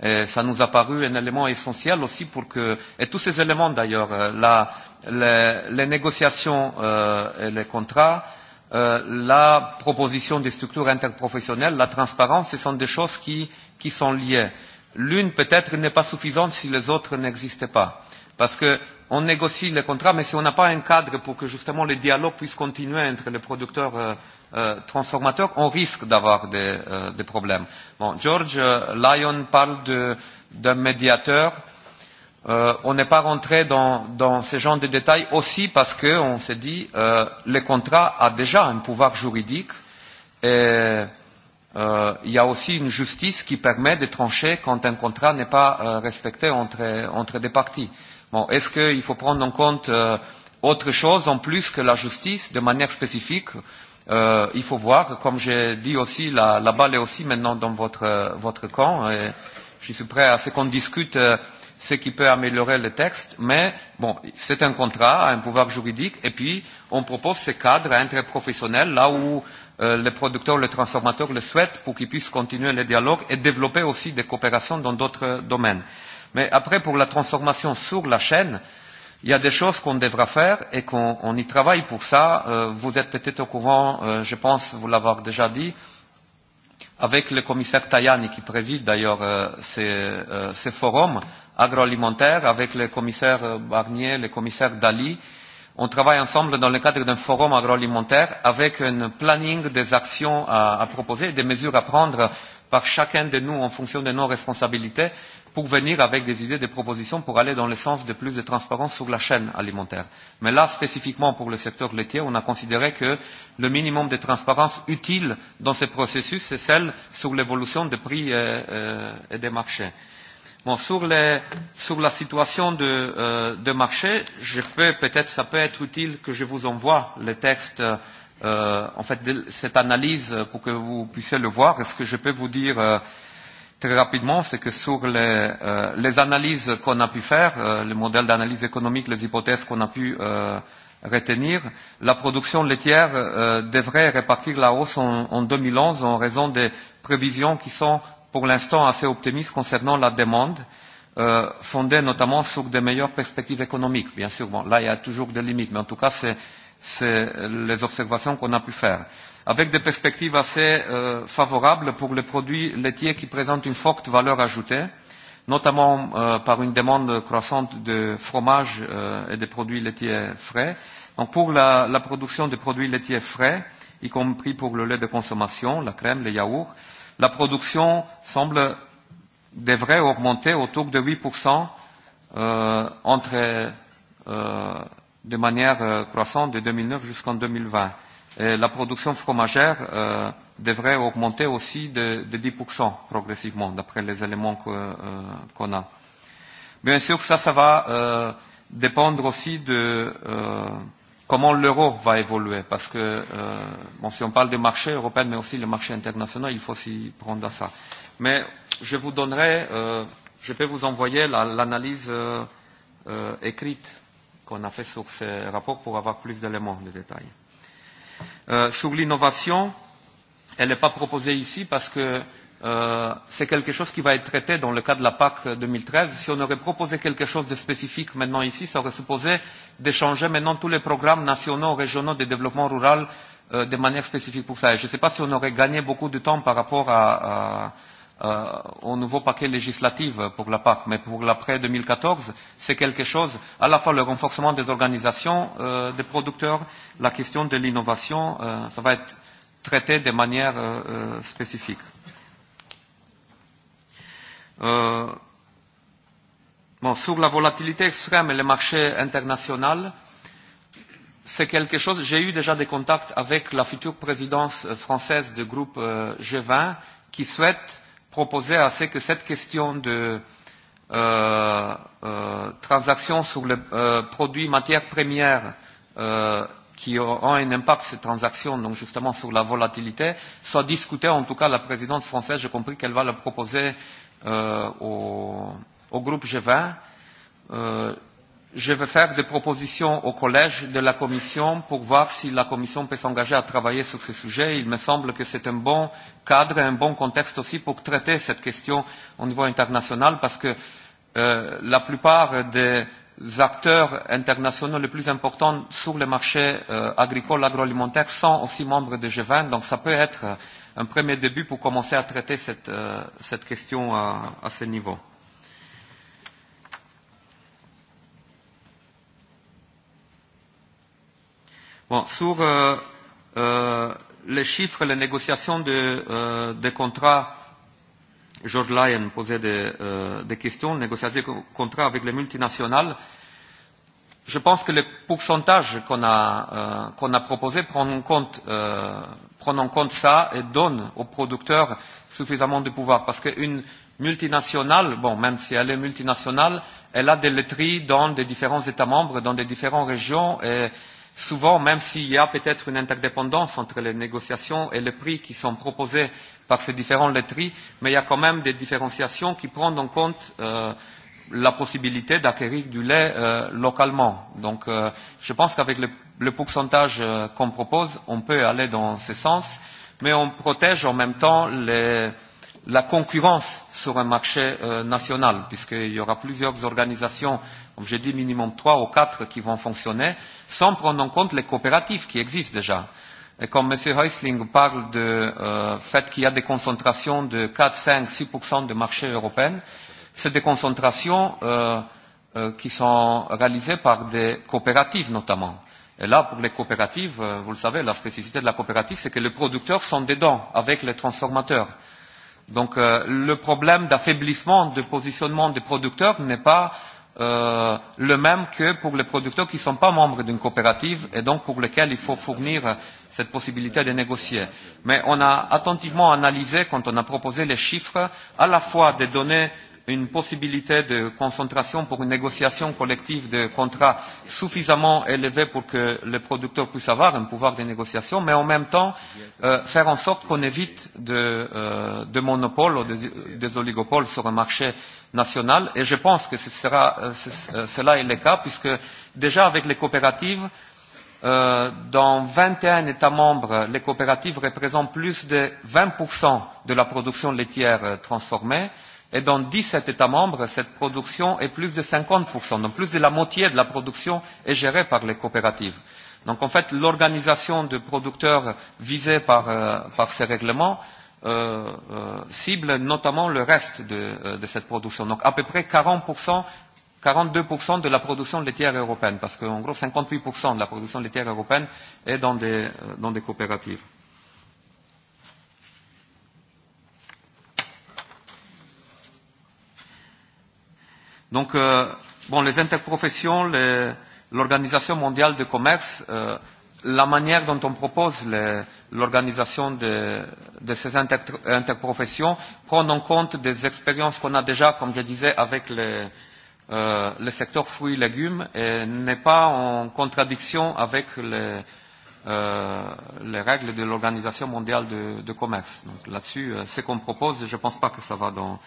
Et ça nous a paru un élément essentiel aussi pour que, et tous ces éléments d'ailleurs, euh, la, les, les négociations euh, et les contrats, euh, la proposition des structures interprofessionnelles, la transparence, ce sont des choses qui, qui sont liées. L'une peut-être n'est pas suffisante si les autres n'existaient pas. Parce que on négocie les contrats, mais si on n'a pas un cadre pour que justement le dialogue puisse continuer entre les producteurs euh, euh, transformateurs, on risque d'avoir des, euh, des problèmes. Bon, George euh, Lyon parle d'un médiateur euh, Euh, on n'est pas rentré dans, dans ce genre de détails aussi parce qu'on s'est dit euh, le contrat a déjà un pouvoir juridique et euh, il y a aussi une justice qui permet de trancher quand un contrat n'est pas euh, respecté entre, entre des parties. Bon, Est-ce qu'il faut prendre en compte euh, autre chose en plus que la justice de manière spécifique euh, Il faut voir, comme j'ai dit aussi, la, la balle est aussi maintenant dans votre, votre camp et je suis prêt à ce qu'on discute euh, ce qui peut améliorer le texte, mais bon, c'est un contrat, un pouvoir juridique, et puis on propose ce cadre interprofessionnel là où euh, les producteurs, les transformateurs le souhaitent pour qu'ils puissent continuer le dialogue et développer aussi des coopérations dans d'autres domaines. Mais après, pour la transformation sur la chaîne, il y a des choses qu'on devra faire et qu'on on y travaille pour ça. Euh, vous êtes peut-être au courant, euh, je pense vous l'avoir déjà dit, avec le commissaire Tajani qui préside d'ailleurs euh, ce, euh, ce forum, agroalimentaire avec le commissaire euh, Barnier, le commissaire Dali. On travaille ensemble dans le cadre d'un forum agroalimentaire avec un planning des actions à, à proposer, des mesures à prendre par chacun de nous en fonction de nos responsabilités pour venir avec des idées, des propositions pour aller dans le sens de plus de transparence sur la chaîne alimentaire. Mais là, spécifiquement pour le secteur laitier, on a considéré que le minimum de transparence utile dans ce processus, c'est celle sur l'évolution des prix et, euh, euh, et des marchés. Euh, Bon, sur, les, sur la situation de, euh, de marché, je peux peut-être, ça peut être utile que je vous envoie le texte, euh, en fait, de cette analyse pour que vous puissiez le voir. Et ce que je peux vous dire euh, très rapidement, c'est que sur les, euh, les analyses qu'on a pu faire, euh, le modèle d'analyse économique, les hypothèses qu'on a pu euh, retenir, la production laitière euh, devrait répartir la hausse en, en 2011 en raison des prévisions qui sont pour l'instant assez optimiste concernant la demande, euh, fondée notamment sur de meilleures perspectives économiques. Bien sûr, bon, là, il y a toujours des limites, mais en tout cas, c'est les observations qu'on a pu faire. Avec des perspectives assez euh, favorables pour les produits laitiers qui présentent une forte valeur ajoutée, notamment euh, par une demande croissante de fromage euh, et de produits laitiers frais. Donc pour la, la production de produits laitiers frais, y compris pour le lait de consommation, la crème, les yaourts, La production semble devrait augmenter autour de 8% euh, entre, euh, de manière euh, croissante de 2009 jusqu'en 2020. Et la production fromagère euh, devrait augmenter aussi de, de 10% progressivement, d'après les éléments euh, qu'on euh, qu a. Bien sûr, ça, ça va euh, dépendre aussi de, euh, comment l'euro va évoluer, parce que euh, bon, si on parle du marché européen, mais aussi le marché international, il faut s'y prendre à ça. Mais je vous donnerai, euh, je peux vous envoyer l'analyse la, euh, euh, écrite qu'on a fait sur ces rapports pour avoir plus d'éléments de détail. Euh, sur l'innovation, elle n'est pas proposée ici parce que Euh, c'est quelque chose qui va être traité dans le cas de la PAC 2013. Si on aurait proposé quelque chose de spécifique maintenant ici, ça aurait supposé d'échanger maintenant tous les programmes nationaux, régionaux de développement rural euh, de manière spécifique pour ça. Et je ne sais pas si on aurait gagné beaucoup de temps par rapport à, à, euh, au nouveau paquet législatif pour la PAC. Mais pour l'après 2014, c'est quelque chose, à la fois le renforcement des organisations euh, des producteurs, la question de l'innovation, euh, ça va être traité de manière euh, euh spécifique. Euh, bon, sur la volatilité extrême et les marchés internationaux, c'est quelque chose. J'ai eu déjà des contacts avec la future présidence française du groupe euh, G20 qui souhaite proposer à ce que cette question de euh, euh, transactions sur les euh, produits matières premières euh, qui auront un impact ces transactions, donc justement sur la volatilité, soit discutée. En tout cas, la présidence française, j'ai compris qu'elle va le proposer Euh, au, au groupe G20. Euh, je vais faire des propositions au collège de la Commission pour voir si la Commission peut s'engager à travailler sur ce sujet. Il me semble que c'est un bon cadre et un bon contexte aussi pour traiter cette question au niveau international parce que euh, la plupart des acteurs internationaux les plus importants sur le marché euh, agricole agroalimentaire sont aussi membres de G20, donc ça peut être un premier début pour commencer à traiter cette, euh, cette question à, à ce niveau. Bon, sur euh, euh, les chiffres, les négociations de, euh, des contrats, George Lyon posait des, euh, des questions, négociations de contrats avec les multinationales. Euh, je pense que le pourcentage qu'on a, euh, qu'on a proposé prend en compte, euh, prend en compte ça et donne aux producteurs suffisamment de pouvoir. Parce qu'une multinationale, bon, même si elle est multinationale, elle a des laiteries dans des différents États membres, dans des différentes régions, et souvent, même s'il y a peut-être une interdépendance entre les négociations et les prix qui sont proposés par ces différentes laiteries, mais il y a quand même des différenciations qui prennent en compte euh, la possibilité d'acquérir du lait euh, localement. Donc euh, je pense qu'avec le, le pourcentage euh, qu'on propose, on peut aller dans ce sens, mais on protège en même temps les, la concurrence sur un marché euh, national, puisqu'il y aura plusieurs organisations, comme j'ai dit, minimum trois ou quatre qui vont fonctionner, sans prendre en compte les coopératives qui existent déjà. Et quand M. Heusling parle du euh, fait qu'il y a des concentrations de 4, 5, 6% de marché européen, euh, c'est des concentrations euh, euh, qui sont réalisées par des coopératives notamment. Et là, pour les coopératives, euh, vous le savez, la spécificité de la coopérative, c'est que les producteurs sont dedans avec les transformateurs. Donc euh, le problème d'affaiblissement de positionnement des producteurs n'est pas euh, le même que pour les producteurs qui ne sont pas membres d'une coopérative et donc pour lesquels il faut fournir cette possibilité de négocier. Mais on a attentivement analysé, quand on a proposé les chiffres, à la fois des données une possibilité de concentration pour une négociation collective de contrats suffisamment élevée pour que les producteurs puissent avoir un pouvoir de négociation, mais en même temps euh, faire en sorte qu'on évite de, euh, de monopoles ou des, des oligopoles sur un marché national. Et je pense que ce sera, euh, euh cela est le cas, puisque déjà avec les coopératives, euh, dans 21 États membres, les coopératives représentent plus de 20% de la production laitière euh, transformée. Euh, Et dans 17 États membres, cette production est plus de 50%. Donc plus de la moitié de la production est gérée par les coopératives. Donc en fait, l'organisation de producteurs visée par, euh, par ces règlements euh, euh, cible notamment le reste de, euh, de cette production. Donc à peu près 40%, 42% de la production laitière européenne, parce qu'en gros 58% de la production laitière européenne est dans des, euh, dans des coopératives. Donc, euh, bon, les interprofessions, l'Organisation mondiale du commerce, euh, la manière dont on propose l'organisation de, de ces inter, interprofessions prend en compte des expériences qu'on a déjà, comme je disais, avec les, euh, le secteur fruits et légumes et n'est pas en contradiction avec les, euh, les règles de l'Organisation mondiale de, de commerce. Donc là-dessus, euh, ce qu'on propose, je ne pense pas que ça va dans, euh,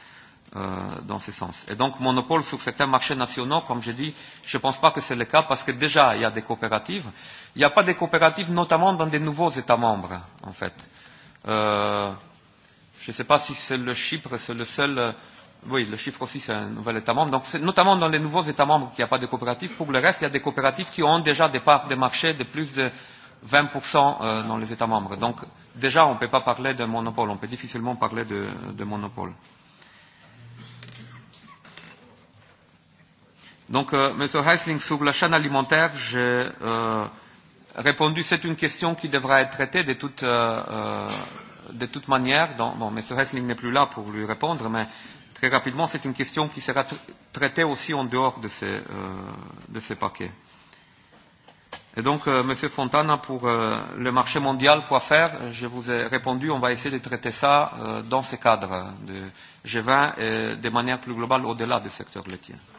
euh, dans ce sens. Et donc, monopole sur certains marchés nationaux, comme je dis, je ne pense pas que c'est le cas parce que déjà, il y a des coopératives. Il n'y a pas de coopératives, notamment dans des nouveaux États membres, en fait. Euh, je ne sais pas si c'est le Chypre, c'est le seul. Euh, oui, le Chypre aussi, c'est un nouvel État membre. Donc, c'est notamment dans les nouveaux États membres qu'il n'y a pas de coopératives. Pour le reste, il y a des coopératives qui ont déjà des parts de marché de plus de 20% euh, dans les États membres. Donc, déjà, on ne peut pas parler de monopole. On peut difficilement parler de, de monopole. Euh, Donc, euh, Monsieur Heisling, sur la chaîne alimentaire, j'ai euh, répondu, c'est une question qui devra être traitée de toute, euh, euh de toute manière. Donc, bon, Monsieur Heisling n'est plus là pour lui répondre, mais très rapidement, c'est une question qui sera traitée aussi en dehors de ces, euh, de ces paquets. Et donc, euh, Monsieur Fontana, pour euh, le marché mondial, quoi faire Je vous ai répondu, on va essayer de traiter ça euh, dans ce cadre de G20 et de manière plus globale au-delà du secteur laitier. Euh,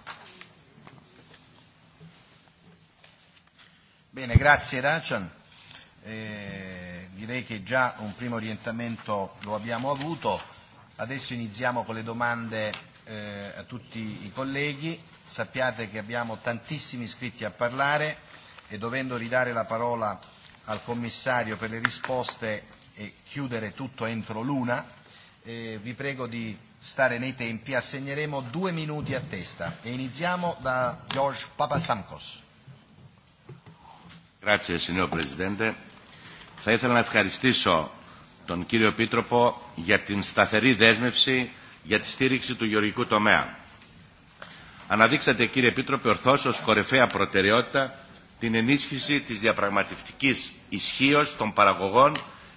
Bene, grazie Dacian. Eh, direi che già un primo orientamento lo abbiamo avuto. Adesso iniziamo con le domande eh, a tutti i colleghi. Sappiate che abbiamo tantissimi iscritti a parlare e dovendo ridare la parola al commissario per le risposte e chiudere tutto entro l'una, eh, vi prego di stare nei tempi, assegneremo due minuti a testa e iniziamo da George Papastamkos. Grazie, signor Presidente. Θα ήθελα να ευχαριστήσω τον κύριο Επίτροπο για την σταθερή δέσμευση για τη στήριξη του γεωργικού τομέα. Αναδείξατε, κύριε Επίτροπε, ορθώς ως κορυφαία προτεραιότητα την ενίσχυση της διαπραγματευτικής ισχύω των παραγωγών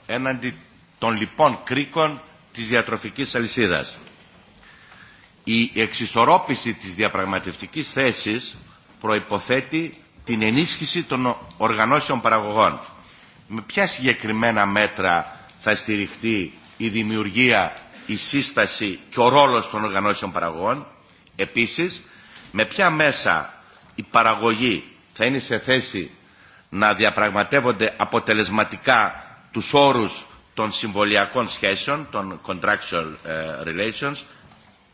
έναντι των λοιπών κρίκων της διατροφικής αλυσίδας. Η εξισορρόπηση της διαπραγματευτικής θέσης προϋποθέτει την ενίσχυση των οργανώσεων παραγωγών. Με ποια συγκεκριμένα μέτρα θα στηριχτεί η δημιουργία, η σύσταση και ο ρόλος των οργανώσεων παραγωγών. Επίσης, με ποια μέσα η παραγωγή θα είναι σε θέση να διαπραγματεύονται αποτελεσματικά τους όρους των συμβολιακών σχέσεων, των contractual relations,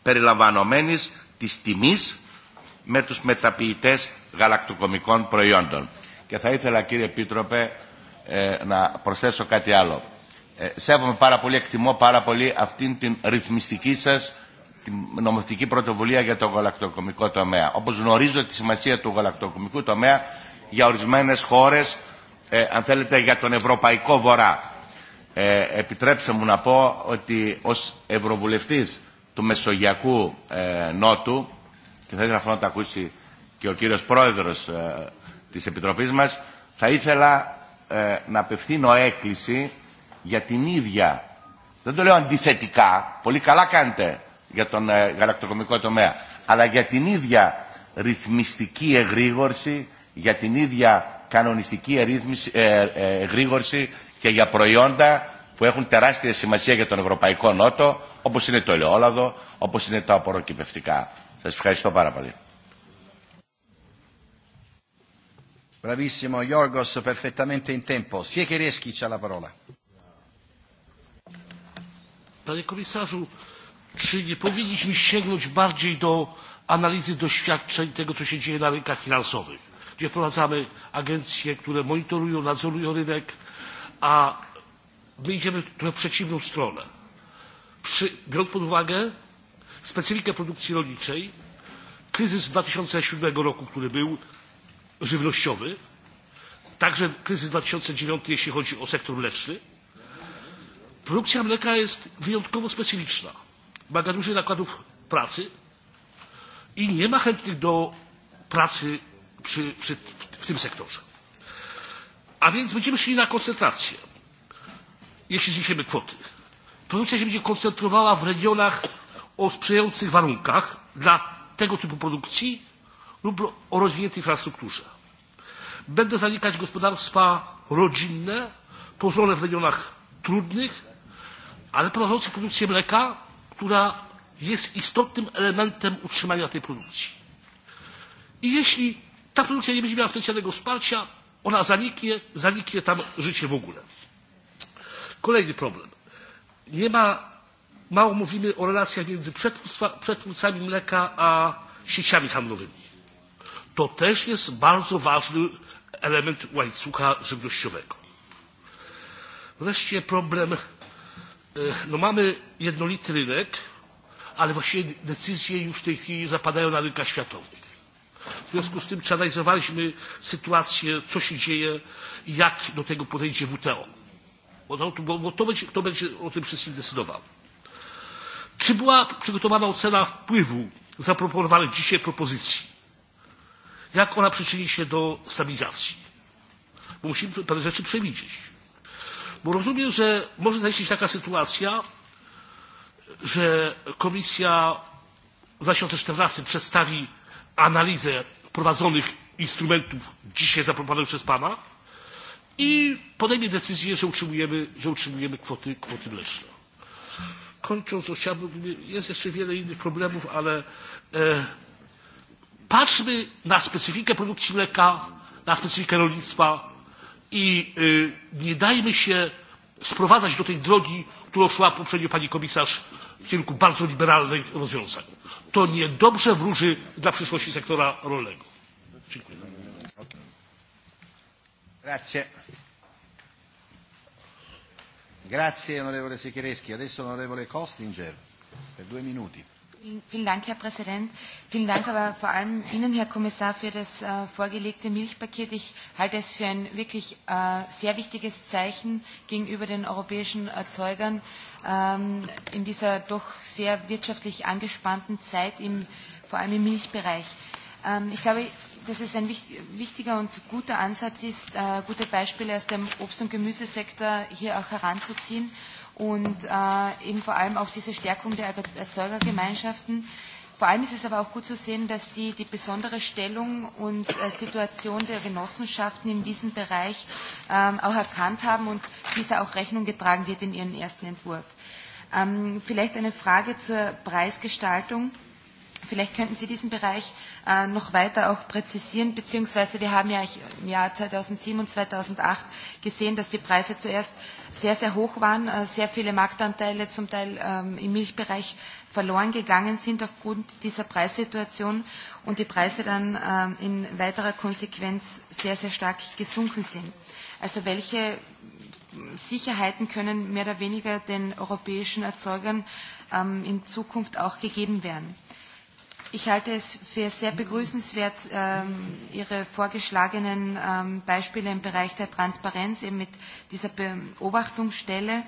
περιλαμβανομένης της τιμής με τους μεταποιητές γαλακτοκομικών προϊόντων. Και θα ήθελα κύριε Επίτροπε ε, να προσθέσω κάτι άλλο. Ε, σέβομαι πάρα πολύ, εκτιμώ πάρα πολύ αυτήν την ρυθμιστική σας την νομοθετική πρωτοβουλία για τον γαλακτοκομικό τομέα. Όπως γνωρίζω τη σημασία του γαλακτοκομικού τομέα για ορισμένες χώρες, ε, αν θέλετε για τον Ευρωπαϊκό Βορρά. Ε, επιτρέψτε μου να πω ότι ως Ευρωβουλευτής του Μεσογειακού ε, Νότου, και θα ήθελα αυτό να τα ακούσει και ο κύριος Πρόεδρος ε, της Επιτροπής μας, θα ήθελα ε, να απευθύνω έκκληση για την ίδια, δεν το λέω αντιθετικά, πολύ καλά κάνετε για τον ε, γαλακτοκομικό τομέα, αλλά για την ίδια ρυθμιστική εγρήγορση, για την ίδια κανονιστική ερύθμιση, ε, ε, εγρήγορση και για προϊόντα που έχουν τεράστια σημασία για τον Ευρωπαϊκό Νότο, όπως είναι το ελαιόλαδο, όπως είναι τα απορροκυπευτικά. Σας ευχαριστώ πάρα πολύ. Bravissimo Yorgos, perfettamente in tempo. Siekierski ha la parola. Panie komisarzu, czy nie powinniśmy sięgnąć bardziej do analizy doświadczeń tego, co się dzieje na rynkach finansowych, gdzie wprowadzamy agencje, które monitorują, nadzorują rynek, a my idziemy trochę w przeciwną stronę. Przy, biorąc pod uwagę specyfikę produkcji rolniczej, kryzys 2007 roku, który był, żywnościowy, także kryzys 2009, jeśli chodzi o sektor mleczny. Produkcja mleka jest wyjątkowo specyficzna. Ma duży nakładów pracy i nie ma chętnych do pracy przy, przy, w tym sektorze. A więc będziemy szli na koncentrację, jeśli zniesiemy kwoty. Produkcja się będzie koncentrowała w regionach o sprzyjających warunkach dla tego typu produkcji lub o rozwiniętej infrastrukturze. Będę zanikać gospodarstwa rodzinne, położone w regionach trudnych, ale prowadzące produkcję mleka, która jest istotnym elementem utrzymania tej produkcji. I jeśli ta produkcja nie będzie miała specjalnego wsparcia, ona zaniknie, zaniknie tam życie w ogóle. Kolejny problem. Nie ma, mało mówimy o relacjach między przetwórcami mleka a sieciami handlowymi to też jest bardzo ważny element łańcucha żywnościowego. Wreszcie problem, e, no mamy jednolity rynek, ale właściwie decyzje już w tej chwili zapadają na rynkach światowych. W związku z tym przeanalizowaliśmy sytuację, co się dzieje i jak do tego podejdzie WTO. Bo, no, bo, bo to będzie, kto będzie o tym wszystkim decydował. Czy była przygotowana ocena wpływu zaproponowanych dzisiaj propozycji? jak ona przyczyni się do stabilizacji. Bo musimy pewne rzeczy przewidzieć. Bo rozumiem, że może zaistnieć taka sytuacja, że komisja w 2014 przedstawi analizę prowadzonych instrumentów dzisiaj zaproponowanych przez Pana i podejmie decyzję, że utrzymujemy, że utrzymujemy kwoty, kwoty mleczne. Kończąc, chciałbym, jest jeszcze wiele innych problemów, ale e, Patrzmy na specyfikę produkcji mleka, na specyfikę rolnictwa i nie dajmy się sprowadzać do tej drogi, którą szła poprzednio pani komisarz w kierunku bardzo liberalnych rozwiązań. To niedobrze wróży dla przyszłości sektora rolnego. Dziękuję. Grazie. Grazie onorevole Siekireschi. Adesso onorevole Kostinger per due minuti. Vielen, vielen Dank, Herr Präsident. Vielen Dank aber vor allem Ihnen, Herr Kommissar, für das äh, vorgelegte Milchpaket. Ich halte es für ein wirklich äh, sehr wichtiges Zeichen gegenüber den europäischen Erzeugern ähm, in dieser doch sehr wirtschaftlich angespannten Zeit, im, vor allem im Milchbereich. Ähm, ich glaube, dass es ein wichtiger und guter Ansatz ist, äh, gute Beispiele aus dem Obst- und Gemüsesektor hier auch heranzuziehen. Äh, und äh, eben vor allem auch diese Stärkung der Erzeugergemeinschaften. Vor allem ist es aber auch gut zu sehen, dass Sie die besondere Stellung und äh, Situation der Genossenschaften in diesem Bereich ähm, auch erkannt haben und dieser auch Rechnung getragen wird in Ihrem ersten Entwurf. Ähm, vielleicht eine Frage zur Preisgestaltung. Vielleicht könnten Sie diesen Bereich äh, noch weiter auch präzisieren, beziehungsweise wir haben ja im Jahr 2007 und 2008 gesehen, dass die Preise zuerst sehr, sehr hoch waren, äh, sehr viele Marktanteile zum Teil ähm, im Milchbereich verloren gegangen sind aufgrund dieser Preissituation und die Preise dann ähm, in weiterer Konsequenz sehr, sehr stark gesunken sind. Also welche Sicherheiten können mehr oder weniger den europäischen Erzeugern ähm, in Zukunft auch gegeben werden? Ich halte es für sehr begrüßenswert, ähm, Ihre vorgeschlagenen ähm, Beispiele im Bereich der Transparenz eben mit dieser Beobachtungsstelle.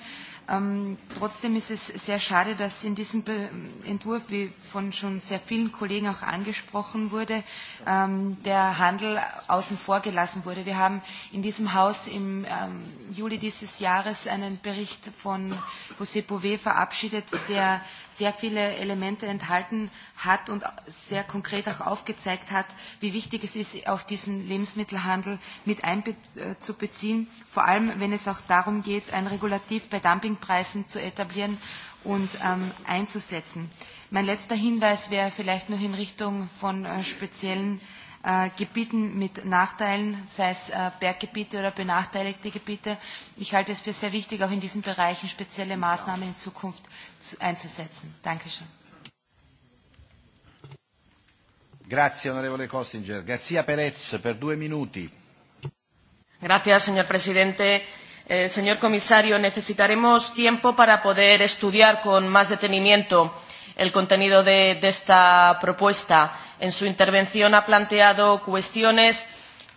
Ähm, trotzdem ist es sehr schade, dass in diesem Be Entwurf, wie von schon sehr vielen Kollegen auch angesprochen wurde, ähm, der Handel außen vor gelassen wurde. Wir haben in diesem Haus im ähm, Juli dieses Jahres einen Bericht von José Bové verabschiedet, der sehr viele Elemente enthalten hat und sehr konkret auch aufgezeigt hat, wie wichtig es ist, auch diesen Lebensmittelhandel mit einzubeziehen, äh, vor allem wenn es auch darum geht, ein Regulativ bei Dumping Preisen zu etablieren und ähm, einzusetzen. Mein letzter Hinweis wäre vielleicht noch in Richtung von äh, speziellen äh, Gebieten mit Nachteilen, sei es äh, Berggebiete oder benachteiligte Gebiete. Ich halte es für sehr wichtig, auch in diesen Bereichen spezielle Maßnahmen in Zukunft zu, einzusetzen. Dankeschön. Grazie, onorevole Kostinger. Garzia Perez, per due minuti. Gracias, señor presidente. Eh, señor comisario, necesitaremos tiempo para poder estudiar con más detenimiento el contenido de, de esta propuesta. En su intervención ha planteado cuestiones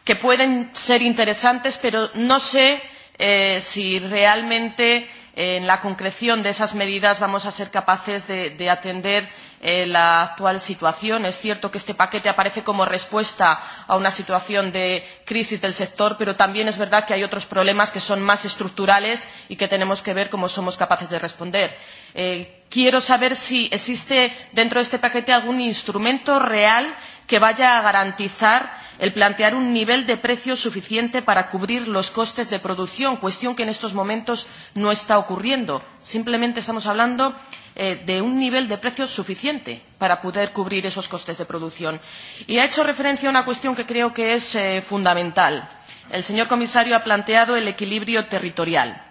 que pueden ser interesantes, pero no sé eh, si realmente eh, en la concreción de esas medidas vamos a ser capaces de, de atender eh, la actual situación. Es cierto que este paquete aparece como respuesta a una situación de crisis del sector, pero también es verdad que hay otros problemas que son más estructurales y que tenemos que ver cómo somos capaces de responder. Eh, quiero saber si existe dentro de este paquete algún instrumento real eh, que vaya a garantizar el plantear un nivel de precio suficiente para cubrir los costes de producción, cuestión que en estos momentos no está ocurriendo. Simplemente estamos hablando eh, de un nivel de precio suficiente para poder cubrir esos costes de producción. Y ha hecho referencia a una cuestión que creo que es eh, fundamental. El señor comisario ha planteado el equilibrio territorial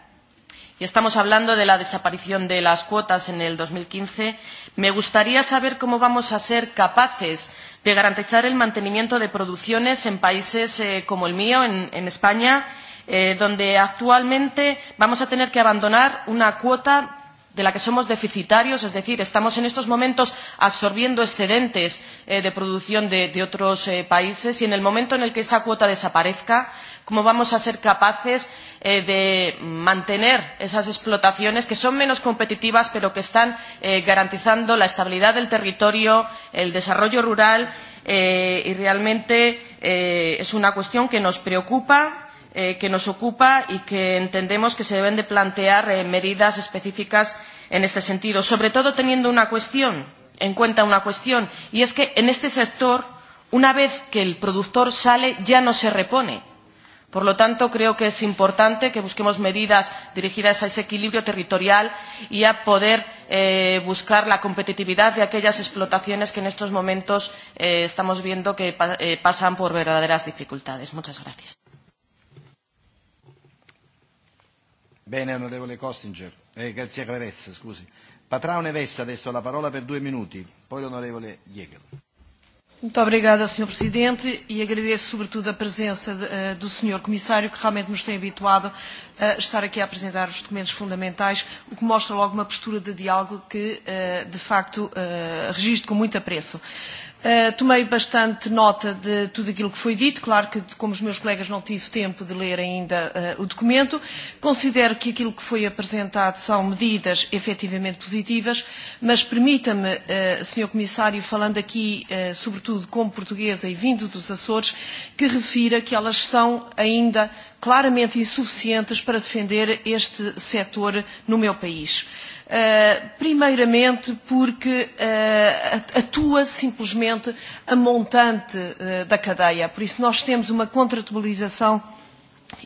y estamos hablando de la desaparición de las cuotas en el 2015, me gustaría saber cómo vamos a ser capaces de garantizar el mantenimiento de producciones en países eh, como el mío, en, en España, eh, donde actualmente vamos a tener que abandonar una cuota de la que somos deficitarios, es decir, estamos en estos momentos absorbiendo excedentes eh, de producción de, de otros eh, países y en el momento en el que esa cuota desaparezca, cómo vamos a ser capaces eh, de mantener esas explotaciones que son menos competitivas pero que están eh, garantizando la estabilidad del territorio, el desarrollo rural eh, y realmente eh, es una cuestión que nos preocupa eh, que nos ocupa y que entendemos que se deben de plantear eh, medidas específicas en este sentido, sobre todo teniendo una cuestión, en cuenta una cuestión, y es que en este sector, una vez que el productor sale, ya no se repone Por lo tanto, creo que es importante que busquemos medidas dirigidas a ese equilibrio territorial y a poder eh, buscar la competitividad de aquellas explotaciones que en estos momentos eh, estamos viendo que pa eh, pasan por verdaderas dificultades. Muchas gracias. Bene, onorevole Costinger. Eh, Garzia Creves, scusi. Patraone Vessa adesso la parola per due minuti, poi l'onorevole Jäger. Muito obrigada, Sr. Presidente, e agradeço sobretudo a presença de, uh, do Sr. Comissário, que realmente nos tem habituado a estar aqui a apresentar os documentos fundamentais, o que mostra logo uma postura de diálogo que, uh, de facto, uh, eh, registro com muito apreço. Uh, Uh, tomei bastante nota de tudo aquilo que foi dito, claro que, como os meus colegas, não tive tempo de ler ainda uh, o documento. Considero que aquilo que foi apresentado são medidas efetivamente positivas, mas permita-me, uh, eh, Sr. Comissário, falando aqui, uh, sobretudo como portuguesa e vindo dos Açores, que refira que elas são ainda claramente insuficientes para defender este setor no meu país. Uh, Uh, primeiramente porque uh, atua simplesmente a montante uh, da cadeia. Por isso, nós temos uma contratualização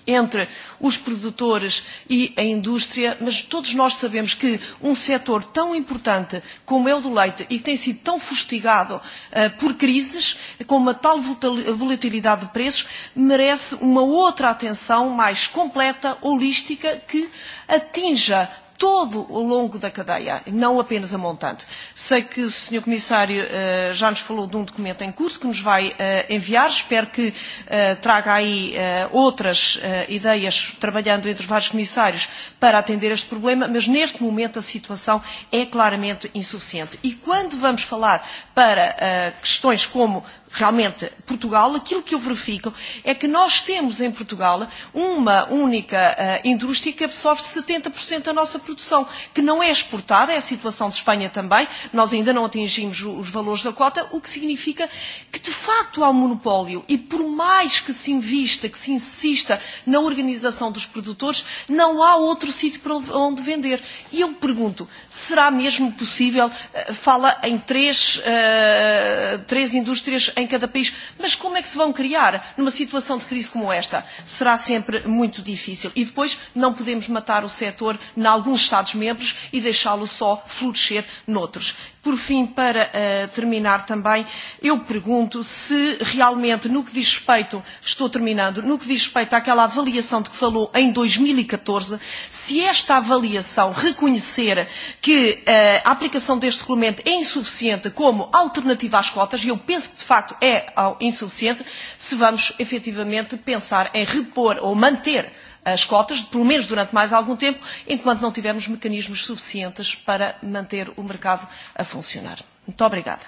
entre os produtores e a indústria, mas todos nós sabemos que um setor tão importante como é o do leite e que tem sido tão fustigado uh, por crises, com uma tal volatilidade de preços, merece uma outra atenção mais completa, holística, que atinja todo o longo da cadeia, e não apenas a montante. Sei que o Sr. Comissário uh, já nos falou de um documento em curso que nos vai uh, enviar. Espero que uh, traga aí uh, outras uh, ideias, trabalhando entre os vários comissários, para atender este problema, mas neste momento a situação é claramente insuficiente. E quando vamos falar para uh, questões como realmente Portugal, aquilo que eu verifico é que nós temos em Portugal uma única uh, indústria que absorve 70% da nossa produção, que não é exportada, é a situação de Espanha também, nós ainda não atingimos os valores da cota, o que significa que de facto há um monopólio e por mais que se invista, que se insista na organização dos produtores, não há outro sítio para onde vender. E eu pergunto, será mesmo possível, uh, fala em três, uh, três indústrias em em cada país. Mas como é que se vão criar numa situação de crise como esta? Será sempre muito difícil. E depois não podemos matar o setor em alguns Estados-membros e deixá-lo só florescer noutros. Por fim, para uh, terminar também, eu pergunto se realmente, no que diz respeito, estou terminando, no que diz respeito àquela avaliação de que falou em 2014, e se esta avaliação reconhecer que uh, a aplicação deste regulamento é insuficiente como alternativa às cotas, e eu penso que de facto é insuficiente, se vamos efetivamente pensar em repor ou manter as cotas, pelo menos durante mais algum tempo, enquanto não tivermos mecanismos suficientes para manter o mercado a funcionar. Muito obrigada.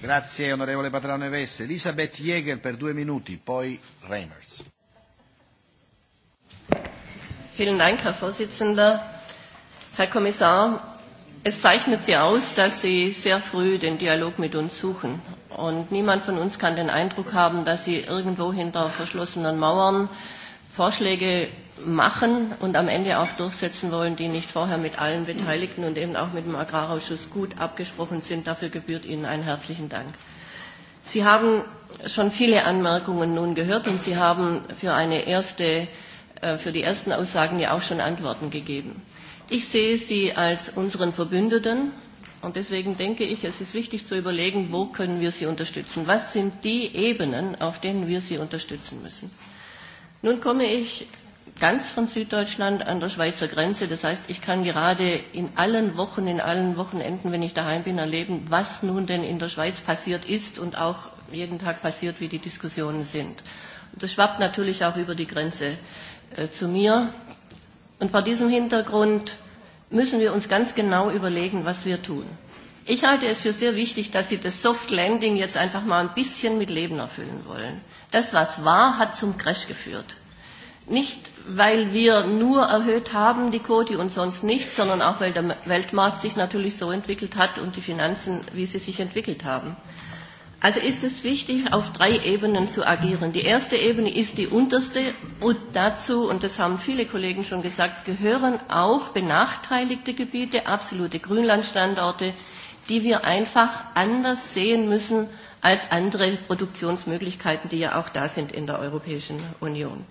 Grazie onorevole Patrano Neves. Elisabeth Jäger per due minuti, poi Reimers. Vielen Dank, Herr Vorsitzender. Herr Kommissar, es zeichnet Sie aus, dass Sie sehr früh den Dialog mit uns suchen. Und niemand von uns kann den Eindruck haben, dass sie irgendwo hinter verschlossenen Mauern Vorschläge machen und am Ende auch durchsetzen wollen, die nicht vorher mit allen Beteiligten und eben auch mit dem Agrarausschuss gut abgesprochen sind. Dafür gebührt Ihnen einen herzlichen Dank. Sie haben schon viele Anmerkungen nun gehört und Sie haben für, eine erste, äh, für die ersten Aussagen ja auch schon Antworten gegeben. Ich sehe Sie als unseren Verbündeten Und deswegen denke ich, es ist wichtig zu überlegen, wo können wir sie unterstützen? Was sind die Ebenen, auf denen wir sie unterstützen müssen? Nun komme ich ganz von Süddeutschland an der Schweizer Grenze. Das heißt, ich kann gerade in allen Wochen, in allen Wochenenden, wenn ich daheim bin, erleben, was nun denn in der Schweiz passiert ist und auch jeden Tag passiert, wie die Diskussionen sind. Und das schwappt natürlich auch über die Grenze äh, zu mir. Und vor diesem Hintergrund äh, müssen wir uns ganz genau überlegen, was wir tun. Ich halte es für sehr wichtig, dass Sie das Soft Landing jetzt einfach mal ein bisschen mit Leben erfüllen wollen. Das, was war, hat zum Crash geführt. Nicht, weil wir nur erhöht haben die Quote und sonst nichts, sondern auch, weil der Weltmarkt sich natürlich so entwickelt hat und die Finanzen, wie sie sich entwickelt haben. Äh, Also ist es wichtig, auf drei Ebenen zu agieren. Die erste Ebene ist die unterste und dazu, und das haben viele Kollegen schon gesagt, gehören auch benachteiligte Gebiete, absolute Grünlandstandorte, die wir einfach anders sehen müssen als andere Produktionsmöglichkeiten, die ja auch da sind in der Europäischen Union.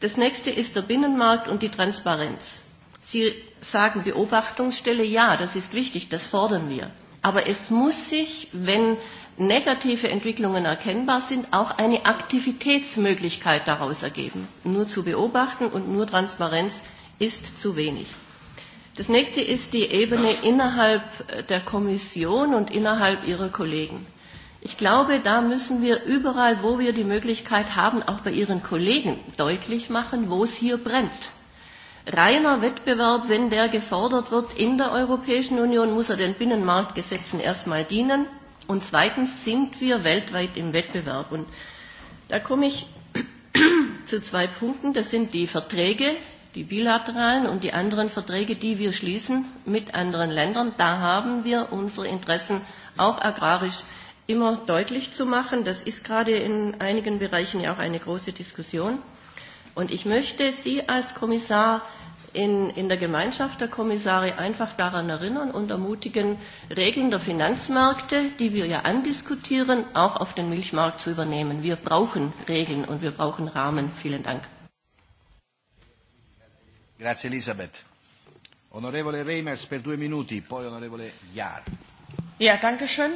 Das nächste ist der Binnenmarkt und die Transparenz. Sie sagen Beobachtungsstelle, ja, das ist wichtig, das fordern wir. Aber es muss sich, wenn negative Entwicklungen erkennbar sind, auch eine Aktivitätsmöglichkeit daraus ergeben. Nur zu beobachten und nur Transparenz ist zu wenig. Das nächste ist die Ebene innerhalb äh, der Kommission und innerhalb ihrer Kollegen. Ich glaube, da müssen wir überall, wo wir die Möglichkeit haben, auch bei Ihren Kollegen deutlich machen, wo es hier brennt. Reiner Wettbewerb, wenn der gefordert wird in der Europäischen Union, muss er den Binnenmarktgesetzen erstmal dienen. Und zweitens sind wir weltweit im Wettbewerb. Und da komme ich zu zwei Punkten. Das sind die Verträge, die bilateralen und die anderen Verträge, die wir schließen mit anderen Ländern. Da haben wir unsere Interessen auch agrarisch immer deutlich zu machen. Das ist gerade in einigen Bereichen ja auch eine große Diskussion. Und ich möchte Sie als Kommissar in, in der Gemeinschaft der Kommissare einfach daran erinnern und ermutigen, Regeln der Finanzmärkte, die wir ja andiskutieren, auch auf den Milchmarkt zu übernehmen. Wir brauchen Regeln und wir brauchen Rahmen. Vielen Dank. Grazie Elisabeth. Onorevole Reimers per due minuti, poi onorevole Jahr. Ja, danke schön.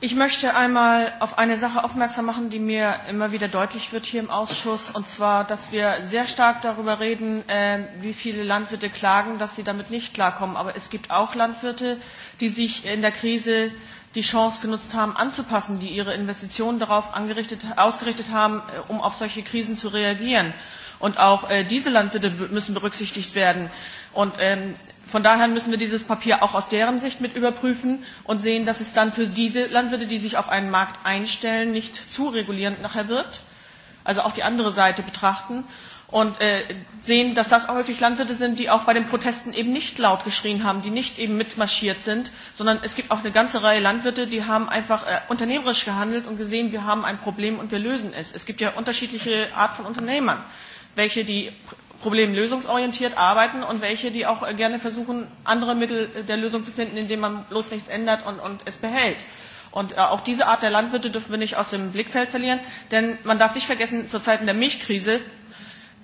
Ich möchte einmal auf eine Sache aufmerksam machen, die mir immer wieder deutlich wird hier im Ausschuss, und zwar, dass wir sehr stark darüber reden, äh, wie viele Landwirte klagen, dass sie damit nicht klarkommen. Aber es gibt auch Landwirte, die sich in der Krise die Chance genutzt haben, anzupassen, die ihre Investitionen darauf angerichtet, ausgerichtet haben, äh, um auf solche Krisen zu reagieren. Und auch äh, diese Landwirte müssen berücksichtigt werden. Und ähm, von daher müssen wir dieses Papier auch aus deren Sicht mit überprüfen und sehen, dass es dann für diese Landwirte, die sich auf einen Markt einstellen, nicht zu regulierend nachher wird. Also auch die andere Seite betrachten und äh, sehen, dass das häufig Landwirte sind, die auch bei den Protesten eben nicht laut geschrien haben, die nicht eben mitmarschiert sind, sondern es gibt auch eine ganze Reihe Landwirte, die haben einfach äh, unternehmerisch gehandelt und gesehen, wir haben ein Problem und wir lösen es. Es gibt ja unterschiedliche Art von Unternehmern, welche die problemlösungsorientiert arbeiten und welche, die auch äh, gerne versuchen, andere Mittel äh, der Lösung zu finden, indem man bloß nichts ändert und, und es behält. Und äh, auch diese Art der Landwirte dürfen wir nicht aus dem Blickfeld verlieren, denn man darf nicht vergessen, zu Zeiten der Milchkrise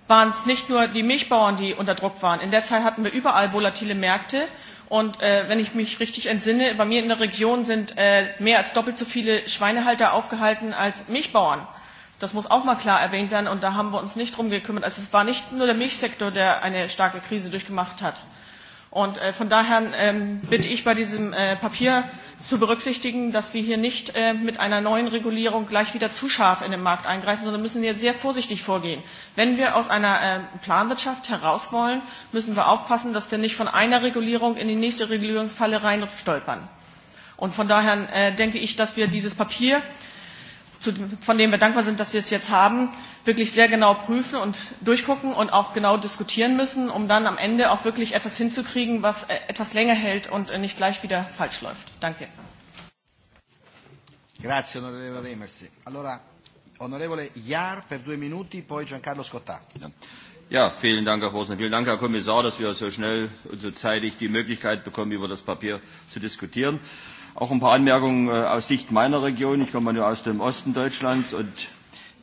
waren es nicht nur die Milchbauern, die unter Druck waren. In der Zeit hatten wir überall volatile Märkte. Und äh, wenn ich mich richtig entsinne, bei mir in der Region sind äh, mehr als doppelt so viele Schweinehalter aufgehalten als Milchbauern. Das muss auch mal klar erwähnt werden. Und da haben wir uns nicht drum gekümmert. Also es war nicht nur der Milchsektor, der eine starke Krise durchgemacht hat. Und äh, von daher ähm, bitte ich bei diesem äh, Papier zu berücksichtigen, dass wir hier nicht äh, mit einer neuen Regulierung gleich wieder zu scharf in den Markt eingreifen, sondern müssen hier sehr vorsichtig vorgehen. Wenn wir aus einer äh, Planwirtschaft heraus wollen, müssen wir aufpassen, dass wir nicht von einer Regulierung in die nächste Regulierungsfalle reinstolpern. Und von daher äh, denke ich, dass wir dieses Papier, zu, von dem wir dankbar sind, dass wir es jetzt haben, wirklich sehr genau prüfen und durchgucken und auch genau diskutieren müssen, um dann am Ende auch wirklich etwas hinzukriegen, was äh, etwas länger hält und äh, nicht gleich wieder falsch läuft. Danke. Grazie onorevole Emersi. Allora, onorevole Jahr per due minuti, poi Giancarlo Scottà. Ja. Ja, vielen Dank, Herr Vorsitzender. Vielen Dank, Herr Kommissar, dass wir so schnell und so zeitig die Möglichkeit bekommen, über das Papier zu diskutieren. Auch ein paar Anmerkungen äh, aus Sicht meiner Region. Ich komme nur aus dem Osten Deutschlands und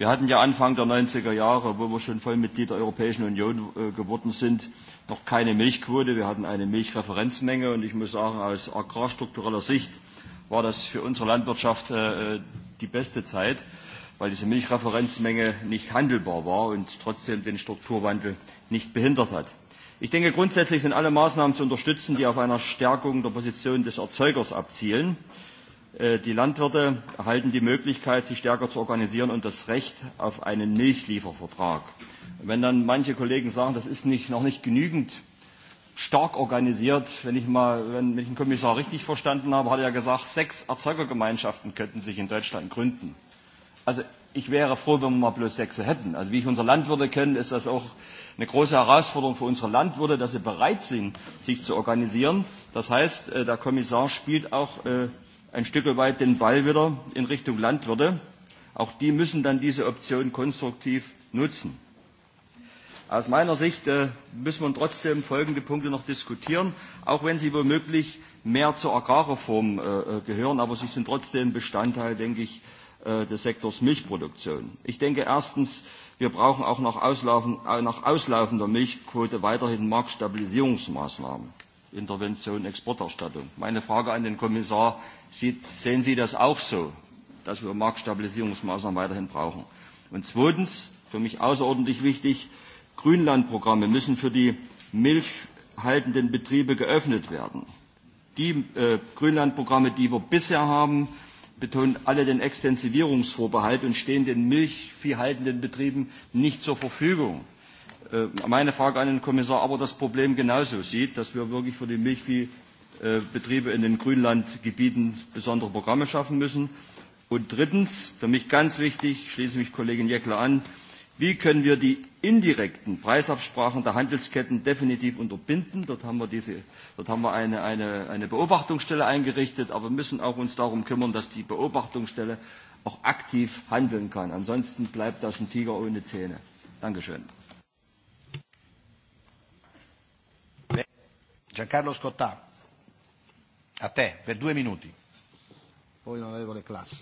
Wir hatten ja Anfang der 90er Jahre, wo wir schon Vollmitglied der Europäischen Union äh, geworden sind, noch keine Milchquote. Wir hatten eine Milchreferenzmenge und ich muss sagen, aus agrarstruktureller Sicht war das für unsere Landwirtschaft äh, die beste Zeit, weil diese Milchreferenzmenge nicht handelbar war und trotzdem den Strukturwandel nicht behindert hat. Ich denke, grundsätzlich sind alle Maßnahmen zu unterstützen, die auf einer Stärkung der Position des Erzeugers abzielen. Äh, Äh, die Landwirte erhalten die Möglichkeit, sich stärker zu organisieren und das Recht auf einen Milchliefervertrag. Wenn dann manche Kollegen sagen, das ist nicht, noch nicht genügend stark organisiert, wenn ich, mal, wenn, wenn ich den Kommissar richtig verstanden habe, hat er ja gesagt, sechs Erzeugergemeinschaften könnten sich in Deutschland gründen. Also ich wäre froh, wenn wir mal bloß sechs hätten. Also wie ich unsere Landwirte kenne, ist das auch eine große Herausforderung für unsere Landwirte, dass sie bereit sind, sich zu organisieren. Das heißt, äh, der Kommissar spielt auch äh, ein Stück weit den Ball wieder in Richtung Landwirte. Auch die müssen dann diese Option konstruktiv nutzen. Aus meiner Sicht äh, müssen wir trotzdem folgende Punkte noch diskutieren, auch wenn sie womöglich mehr zur Agrarreform äh, äh gehören, aber sie sind trotzdem Bestandteil, denke ich, äh, des Sektors Milchproduktion. Ich denke erstens, wir brauchen auch nach, auslaufen, äh, nach auslaufender Milchquote weiterhin Marktstabilisierungsmaßnahmen. Intervention, Exporterstattung. Meine Frage an den Kommissar, sieht, sehen Sie das auch so, dass wir Marktstabilisierungsmaßnahmen weiterhin brauchen? Und zweitens, für mich außerordentlich wichtig, Grünlandprogramme müssen für die milchhaltenden Betriebe geöffnet werden. Die äh, Grünlandprogramme, die wir bisher haben, betonen alle den Extensivierungsvorbehalt und stehen den milchviehhaltenden Betrieben nicht zur Verfügung. Äh, meine Frage an den Kommissar, aber das Problem genauso sieht, dass wir wirklich für die Milchviehbetriebe in den Grünlandgebieten besondere Programme schaffen müssen. Und drittens, für mich ganz wichtig, schließe mich Kollegin Jeckler an, wie können wir die indirekten Preisabsprachen der Handelsketten definitiv unterbinden? Dort haben wir, diese, dort haben wir eine, eine, eine Beobachtungsstelle eingerichtet, aber wir müssen auch uns darum kümmern, dass die Beobachtungsstelle auch aktiv handeln kann. Ansonsten bleibt das ein Tiger ohne Zähne. Dankeschön. Giancarlo Scottà, a te per due minuti. Poi l'onorevole Classi.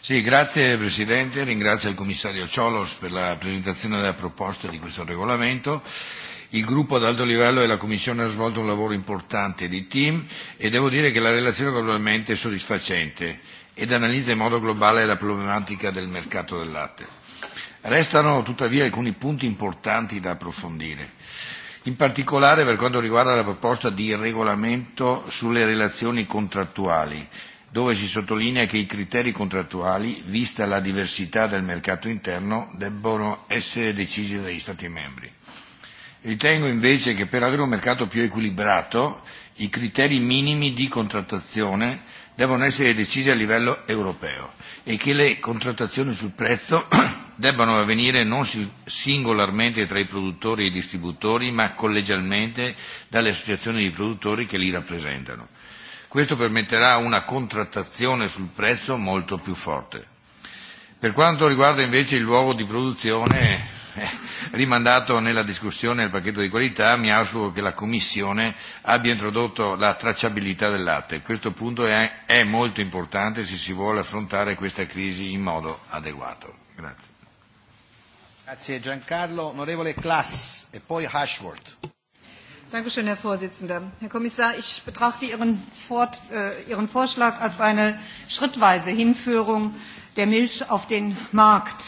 Sì, grazie Presidente, ringrazio il Commissario Ciolos per la presentazione della proposta di questo regolamento. Il gruppo ad alto livello e la Commissione ha svolto un lavoro importante di team e devo dire che la relazione globalmente è soddisfacente ed analizza in modo globale la problematica del mercato del latte. Restano tuttavia alcuni punti importanti da approfondire In particolare per quanto riguarda la proposta di regolamento sulle relazioni contrattuali, dove si sottolinea che i criteri contrattuali, vista la diversità del mercato interno, debbono essere decisi dagli Stati membri. Ritengo invece che per avere un mercato più equilibrato i criteri minimi di contrattazione devono essere decisi a livello europeo e che le contrattazioni sul prezzo debbano avvenire non singolarmente tra i produttori e i distributori, ma collegialmente dalle associazioni di produttori che li rappresentano. Questo permetterà una contrattazione sul prezzo molto più forte. Per quanto riguarda invece il luogo di produzione, eh, rimandato nella discussione del pacchetto di qualità, mi auspico che la Commissione abbia introdotto la tracciabilità del latte. Questo punto è, è molto importante se si vuole affrontare questa crisi in modo adeguato. Grazie. Grazie Giancarlo. Onorevole Klaas e poi Ashworth. Dankeschön, Herr Vorsitzender. Herr Kommissar, ich betrachte Ihren, Fort, äh, Ihren Vorschlag als eine schrittweise Hinführung der Milch auf den Markt.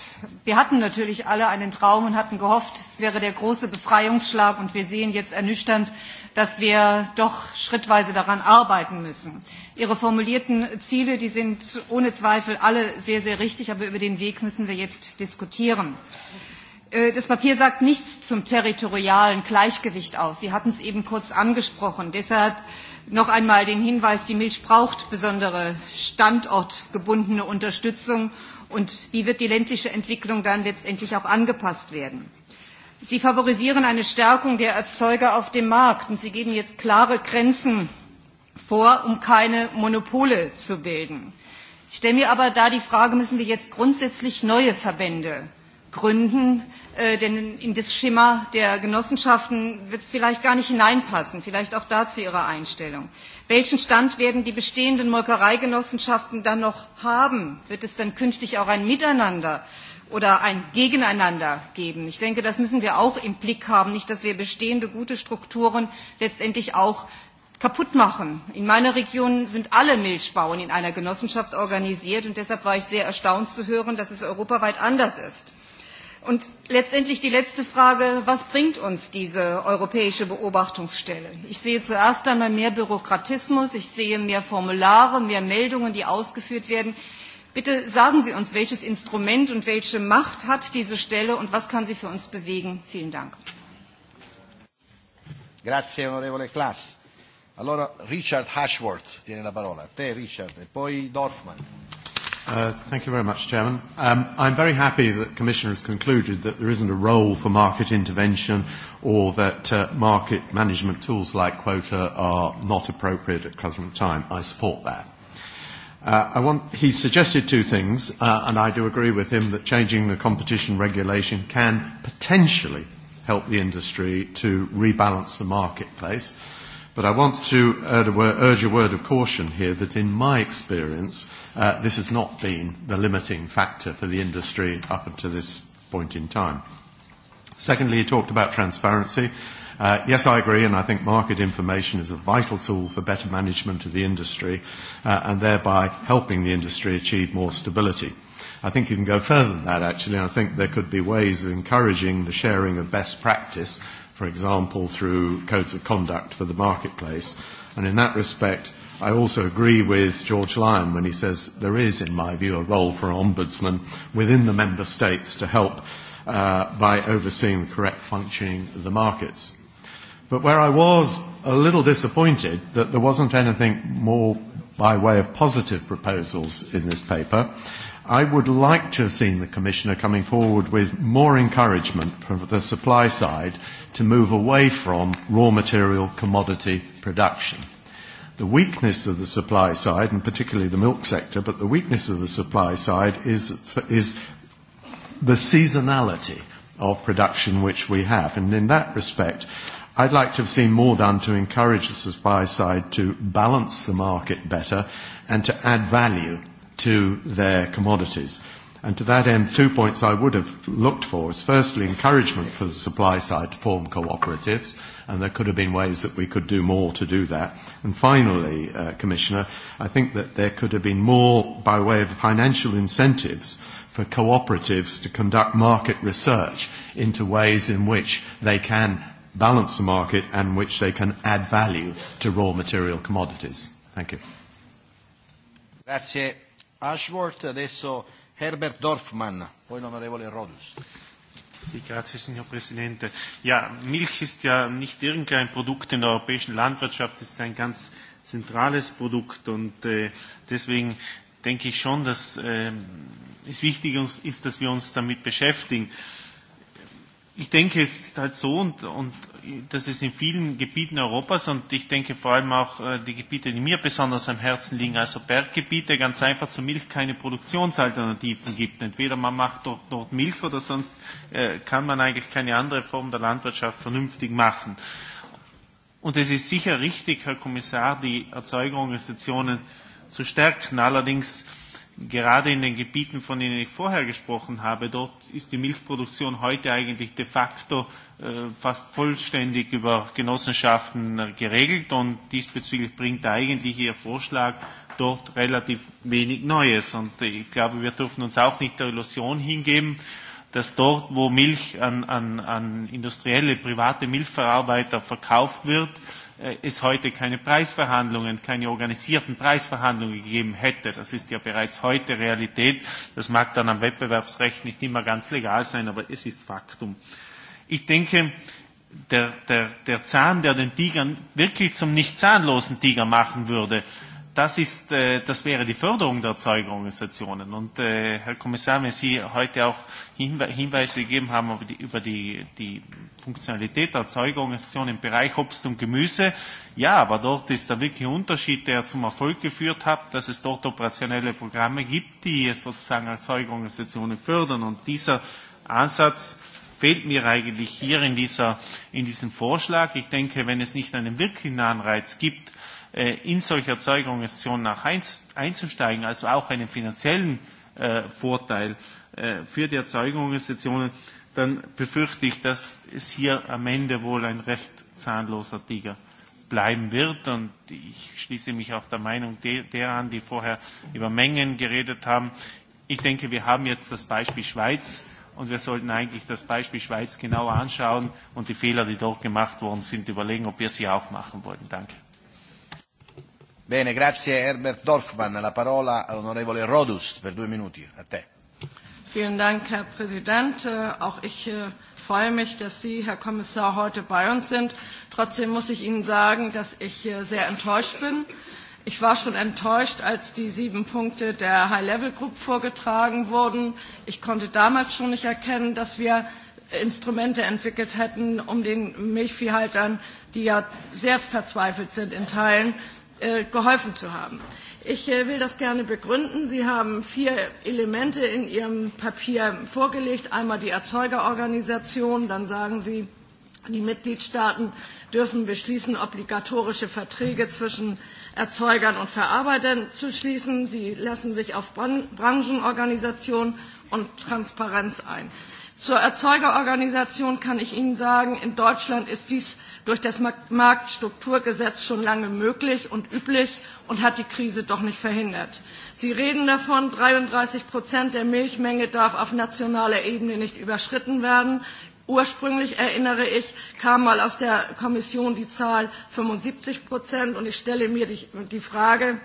Wir hatten natürlich alle einen Traum und hatten gehofft, es wäre der große Befreiungsschlag und wir sehen jetzt ernüchternd, dass wir doch schrittweise daran arbeiten müssen. Ihre formulierten Ziele, die sind ohne Zweifel alle sehr, sehr richtig, aber über den Weg müssen wir jetzt diskutieren. Äh, das Papier sagt nichts zum territorialen Gleichgewicht aus. Sie hatten es eben kurz angesprochen. Deshalb noch einmal den Hinweis, die Milch braucht besondere standortgebundene Unterstützung. Und wie wird die ländliche Entwicklung dann letztendlich auch angepasst werden? Sie favorisieren eine Stärkung der Erzeuger auf dem Markt und Sie geben jetzt klare Grenzen vor, um keine Monopole zu bilden. Ich stelle mir aber da die Frage, müssen wir jetzt grundsätzlich neue Verbände gründen? Äh, denn in das Schema der Genossenschaften wird es vielleicht gar nicht hineinpassen. Vielleicht auch dazu Ihre Einstellung. Welchen Stand werden die bestehenden Molkereigenossenschaften dann noch haben? Wird es dann künftig auch ein Miteinander äh, oder ein Gegeneinander geben. Ich denke, das müssen wir auch im Blick haben, nicht, dass wir bestehende gute Strukturen letztendlich auch kaputt machen. In meiner Region sind alle Milchbauern in einer Genossenschaft organisiert und deshalb war ich sehr erstaunt zu hören, dass es europaweit anders ist. Und letztendlich die letzte Frage, was bringt uns diese europäische Beobachtungsstelle? Ich sehe zuerst einmal mehr Bürokratismus, ich sehe mehr Formulare, mehr Meldungen, die ausgeführt werden. Bitte sagen Sie uns, welches Instrument und welche Macht hat diese Stelle und was kann sie für uns bewegen? Vielen Dank. Grazie, onorevole Klaas. Allora, Richard Ashworth tiene la parola. A te, Richard, e poi Dorfman. Uh, thank you very much, Chairman. Um, I'm very happy that Commissioner has concluded that there isn't a role for market intervention or that uh, market management tools like quota are not appropriate at present time. I support that. Uh, I want, he suggested two things, uh, and I do agree with him that changing the competition regulation can potentially help the industry to rebalance the marketplace. But I want to urge a word of caution here that in my experience, uh, this has not been the limiting factor for the industry up until this point in time. Secondly, he talked about transparency, Uh, yes, I agree, and I think market information is a vital tool for better management of the industry uh, and thereby helping the industry achieve more stability. I think you can go further than that, actually. I think there could be ways of encouraging the sharing of best practice, for example, through codes of conduct for the marketplace. And in that respect, I also agree with George Lyon when he says there is, in my view, a role for an ombudsman within the member states to help uh, by overseeing the correct functioning of the markets. But where I was a little disappointed that there wasn't anything more by way of positive proposals in this paper, I would like to have seen the Commissioner coming forward with more encouragement from the supply side to move away from raw material commodity production. The weakness of the supply side, and particularly the milk sector, but the weakness of the supply side is, is the seasonality of production which we have. And in that respect, I'd like to have seen more done to encourage the supply side to balance the market better and to add value to their commodities. And to that end, two points I would have looked for is firstly, encouragement for the supply side to form cooperatives, and there could have been ways that we could do more to do that. And finally, uh, Commissioner, I think that there could have been more by way of financial incentives for cooperatives to conduct market research into ways in which they can balance the market and which they can add value to raw material commodities. Thank you. Grazie Ashworth. Adesso Herbert Dorfmann, poi l'onorevole Rodus. Sie, grazie, signor Präsidente. Ja, Milch ist ja nicht irgendein Produkt in der europäischen Landwirtschaft, es ist ein ganz zentrales Produkt und äh, deswegen denke ich schon, dass äh, es wichtig ist, dass wir uns damit beschäftigen. Äh, ich denke, es ist halt so und, und das ist in vielen Gebieten Europas und ich denke vor allem auch äh, die Gebiete, die mir besonders am Herzen liegen, also Berggebiete, ganz einfach zur Milch keine Produktionsalternativen gibt. Entweder man macht dort, dort Milch oder sonst äh, kann man eigentlich keine andere Form der Landwirtschaft vernünftig machen. Und es ist sicher richtig, Herr Kommissar, die Erzeugerorganisationen zu stärken. Allerdings äh, gerade in den Gebieten, von denen ich vorher gesprochen habe, dort ist die Milchproduktion heute eigentlich de facto äh, fast vollständig über Genossenschaften äh, geregelt und diesbezüglich bringt eigentlich Ihr Vorschlag dort relativ wenig Neues. Und ich glaube, wir dürfen uns auch nicht der Illusion hingeben, dass dort, wo Milch an, an, an industrielle, private Milchverarbeiter verkauft wird, äh, Äh, es heute keine Preisverhandlungen, keine organisierten Preisverhandlungen gegeben hätte. Das ist ja bereits heute Realität. Das mag dann am Wettbewerbsrecht nicht immer ganz legal sein, aber es ist Faktum. Ich denke, der, der, der Zahn, der den Tigern wirklich zum nicht zahnlosen Tiger machen würde, das, ist, äh, das wäre die Förderung der Erzeugerorganisationen. Und äh, Herr Kommissar, wenn Sie heute auch Hinwe Hinweise gegeben haben über die, über die, die Funktionalität der Erzeugerorganisationen im Bereich Obst und Gemüse, ja, aber dort ist der wirkliche Unterschied, der zum Erfolg geführt hat, dass es dort operationelle Programme gibt, die sozusagen Erzeugerorganisationen fördern. Und dieser Ansatz fehlt mir eigentlich hier in, dieser, in diesem Vorschlag. Ich denke, wenn es nicht einen wirklichen Anreiz gibt, Äh, in solche Erzeugerorganisationen auch einzusteigen, also auch einen finanziellen äh, Vorteil äh, für die Erzeugerorganisationen, dann befürchte ich, dass es hier am Ende wohl ein recht zahnloser Tiger bleiben wird. Und ich schließe mich auch der Meinung der an, die vorher über Mengen geredet haben. Ich denke, wir haben jetzt das Beispiel Schweiz und wir sollten eigentlich das Beispiel Schweiz genauer anschauen und die Fehler, die dort gemacht worden sind, überlegen, ob wir sie auch machen wollen. Danke. Bene, grazie Herbert Dorfman. La parola all'onorevole Rodust per due minuti. A te. Vielen Dank, Herr Präsident. Äh, auch ich äh, freue mich, dass Sie, Herr Kommissar, heute bei uns sind. Trotzdem muss ich Ihnen sagen, dass ich äh, sehr enttäuscht bin. Ich war schon enttäuscht, als die sieben Punkte der High-Level-Group vorgetragen wurden. Ich konnte damals schon nicht erkennen, dass wir Instrumente entwickelt hätten, um den Milchviehhaltern, die ja sehr verzweifelt sind in Teilen, äh, geholfen zu haben. Ich äh, will das gerne begründen. Sie haben vier Elemente in Ihrem Papier vorgelegt. Einmal die Erzeugerorganisation, dann sagen Sie, die Mitgliedstaaten dürfen beschließen, obligatorische Verträge zwischen Erzeugern und Verarbeitern zu schließen. Sie lassen sich auf Bran Branchenorganisationen und Transparenz ein. Zur Erzeugerorganisation kann ich Ihnen sagen, in Deutschland ist dies äh, durch das Marktstrukturgesetz schon lange möglich und üblich und hat die Krise doch nicht verhindert. Sie reden davon, 33 Prozent der Milchmenge darf auf nationaler Ebene nicht überschritten werden. Ursprünglich erinnere ich, kam mal aus der Kommission die Zahl 75 Prozent und ich stelle mir die, die Frage,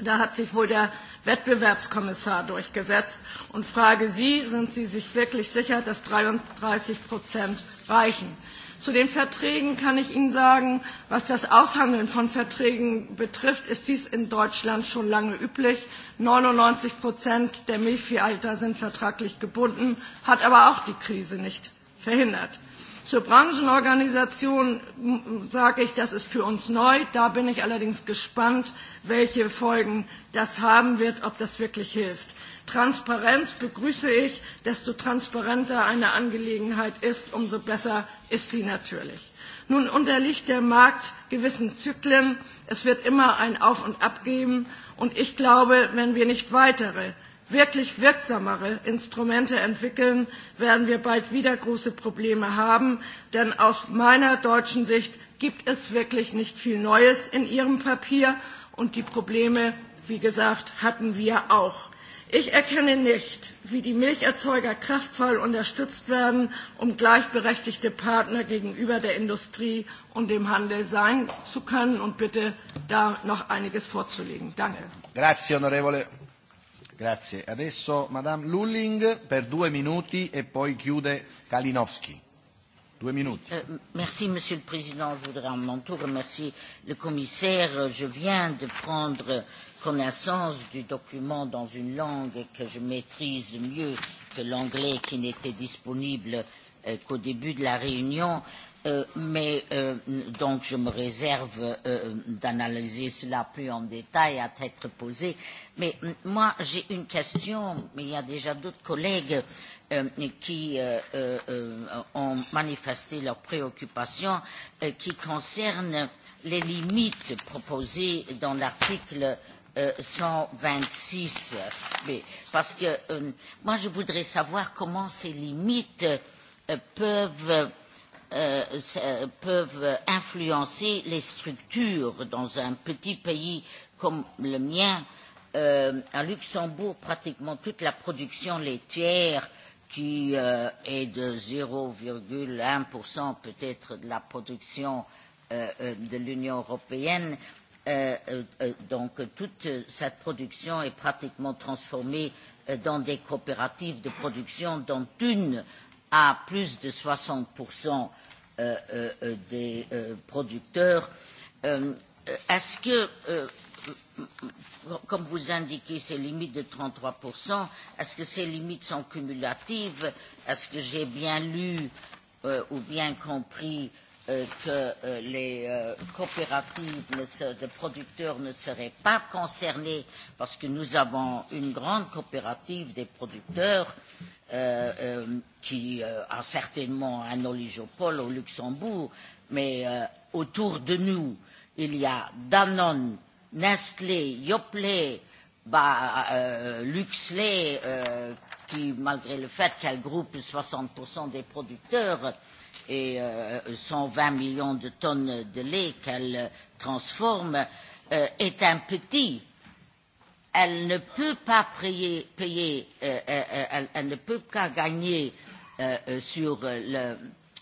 da hat sich wohl der Wettbewerbskommissar durchgesetzt und frage Sie, sind Sie sich wirklich sicher, dass 33 Prozent reichen? Zu den Verträgen kann ich Ihnen sagen, was das Aushandeln von Verträgen betrifft, ist dies in Deutschland schon lange üblich. 99 Prozent der Milchviehalter sind vertraglich gebunden, hat aber auch die Krise nicht verhindert. Zur Branchenorganisation sage ich, das ist für uns neu. Da bin ich allerdings gespannt, welche Folgen das haben wird, ob das wirklich hilft. Transparenz begrüße ich. Desto transparenter eine Angelegenheit ist, umso besser ist sie natürlich. Nun unterliegt der Markt gewissen Zyklen. Es wird immer ein Auf und Ab geben. Und ich glaube, wenn wir nicht weitere, wirklich wirksamere Instrumente entwickeln, werden wir bald wieder große Probleme haben. Denn aus meiner deutschen Sicht gibt es wirklich nicht viel Neues in Ihrem Papier. Und die Probleme, wie gesagt, hatten wir auch. Ich erkenne nicht, wie die Milcherzeuger kraftvoll unterstützt werden, um gleichberechtigte Partner gegenüber der Industrie und dem Handel sein zu können und bitte da noch einiges vorzulegen. Danke. Grazie, onorevole. Grazie. Adesso Madame Lulling per due minuti e poi chiude Kalinowski. Due minuti. Euh, merci, Monsieur le Président. Je voudrais à mon tour remercier le commissaire. Je viens de prendre euh, connaissance du document dans une langue que je maîtrise mieux que l'anglais qui n'était disponible euh, qu'au début de la réunion. Euh, mais euh, donc je me réserve euh, d'analyser cela plus en détail à tête reposée. Mais moi j'ai une question, mais il y a déjà d'autres collègues euh, qui euh, euh, ont manifesté leurs préoccupations euh, qui concernent les limites proposées dans l'article euh, euh, 126 B Parce que euh, moi, je voudrais savoir comment ces limites euh, peuvent, euh, euh, peuvent influencer les structures dans un petit pays comme le mien. Euh, à Luxembourg, pratiquement toute la production laitière qui euh, est de 0,1% peut-être de la production euh, euh de l'Union européenne Euh, euh, euh, donc toute cette production est pratiquement transformée euh, dans des coopératives de production dont une à plus de 60% euh, euh, euh, des euh, producteurs. Euh, Est-ce que, euh, comme vous indiquez, ces limites de 33%, est-ce que ces limites sont cumulatives Est-ce que j'ai bien lu euh, ou bien compris euh, euh, que euh, les euh, coopératives ne, de producteurs ne seraient pas concernées parce que nous avons une grande coopérative des producteurs euh, euh, qui euh, a certainement un oligopole au Luxembourg, mais euh, autour de nous, il y a Danone, Nestlé, Yoplait, bah, euh, Luxley, euh, qui, malgré le fait qu'elle groupe 60% des producteurs, euh, et euh, 120 millions de tonnes de lait qu'elle transforme euh, est un petit. Elle ne peut pas payer, payer euh, euh, elle, euh, elle ne peut pas gagner euh, euh, sur le,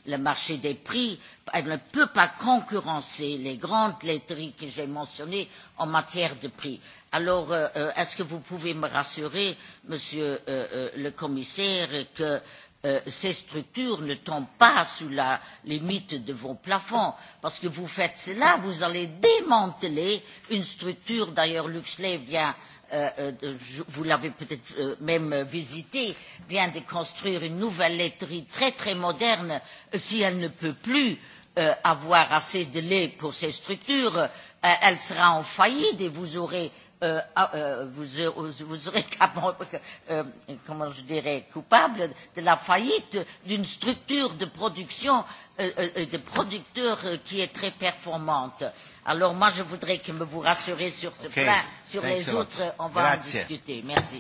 le marché des prix, elle ne peut pas concurrencer les grandes laiteries que j'ai mentionnées en matière de prix. Alors, euh, euh est-ce que vous pouvez me rassurer, Monsieur euh, euh, le Commissaire, que euh, euh, ces structures ne tombent pas sous la limite de vos plafonds. Parce que vous faites cela, vous allez démanteler une structure, d'ailleurs Luxley vient euh, euh vous l'avez peut-être euh, même visité, vient de construire une nouvelle laiterie très très moderne. Si elle ne peut plus euh, avoir assez de lait pour ses structures, euh, elle sera en faillite et vous aurez euh, ah, euh, vous, euh, vous serez euh, comment je dirais, coupable de la faillite d'une structure de production euh, euh de producteurs euh, qui est très performante. Alors moi, je voudrais que vous rassurez sur ce okay. plan. Sur Thanks les autres, on va Grazie. en discuter. Merci.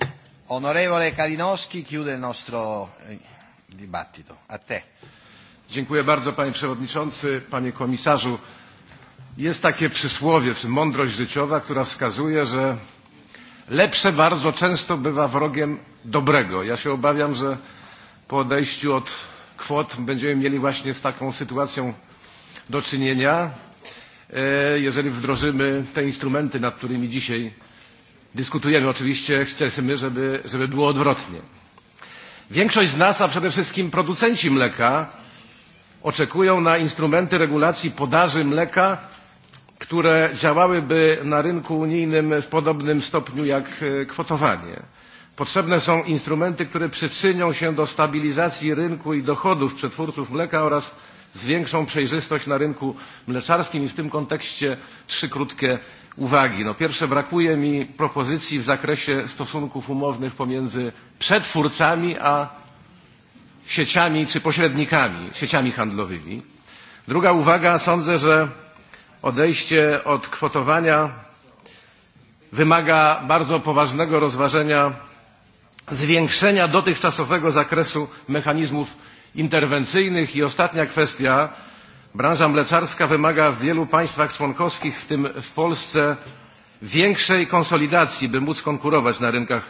Onorevole Kalinowski chiude il nostro eh, dibattito. A te. Dziękuję bardzo, panie przewodniczący, panie komisarzu. Jest takie przysłowie, czy mądrość życiowa, która wskazuje, że lepsze bardzo często bywa wrogiem dobrego. Ja się obawiam, że po odejściu od kwot będziemy mieli właśnie z taką sytuacją do czynienia, e, jeżeli wdrożymy te instrumenty, nad którymi dzisiaj dyskutujemy. Oczywiście chcemy, żeby, żeby było odwrotnie. Większość z nas, a przede wszystkim producenci mleka, oczekują na instrumenty regulacji podaży mleka które działałyby na rynku unijnym w podobnym stopniu jak e, kwotowanie. Potrzebne są instrumenty, które przyczynią się do stabilizacji rynku i dochodów przetwórców mleka oraz zwiększą przejrzystość na rynku mleczarskim i w tym kontekście trzy krótkie uwagi. No pierwsze, brakuje mi propozycji w zakresie stosunków umownych pomiędzy przetwórcami a sieciami czy pośrednikami, sieciami handlowymi. Druga uwaga, sądzę, że Odejście od kwotowania wymaga bardzo poważnego rozważenia zwiększenia dotychczasowego zakresu mechanizmów interwencyjnych i ostatnia kwestia branża mleczarska wymaga w wielu państwach członkowskich w tym w Polsce większej konsolidacji by móc konkurować na rynkach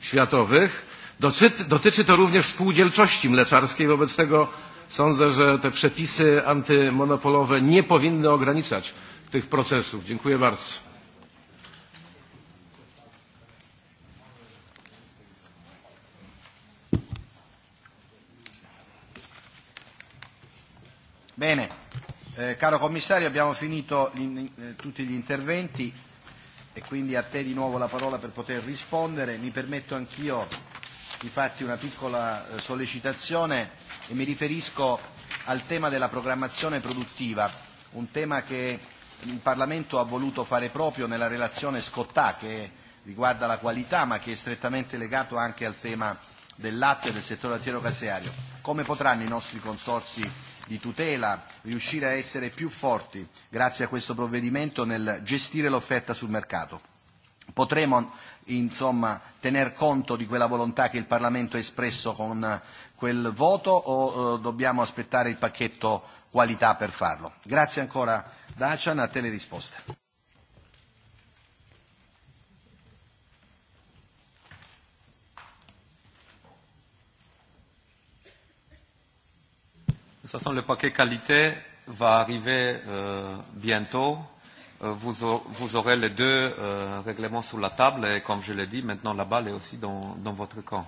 światowych dotyczy, dotyczy to również spółdzielczości mleczarskiej wobec tego Sądzę, że te przepisy antymonopolowe nie powinny ograniczać tych procesów. Dziękuję bardzo. Bene, eh, caro commissario, abbiamo finito gli, eh, tutti gli interventi e quindi a te di nuovo la parola per poter rispondere. Mi permetto anch'io di farti una piccola eh, sollecitazione e mi riferisco al tema della programmazione produttiva, un tema che il Parlamento ha voluto fare proprio nella relazione Scottà che riguarda la qualità ma che è strettamente legato anche al tema del latte e del settore lattiero caseario. Come potranno i nostri consorsi di tutela riuscire a essere più forti grazie a questo provvedimento nel gestire l'offerta sul mercato? Potremo insomma tener conto di quella volontà che il Parlamento ha espresso con quel voto o eh, dobbiamo aspettare il pacchetto qualità per farlo? Grazie ancora Dacian, a te le risposte. De toute façon, le paquet qualité va arriver euh, bientôt. Euh, vous, a, vous aurez les deux euh, règlements sur la table et, comme je l'ai dit, maintenant la balle est aussi dans, dans votre camp.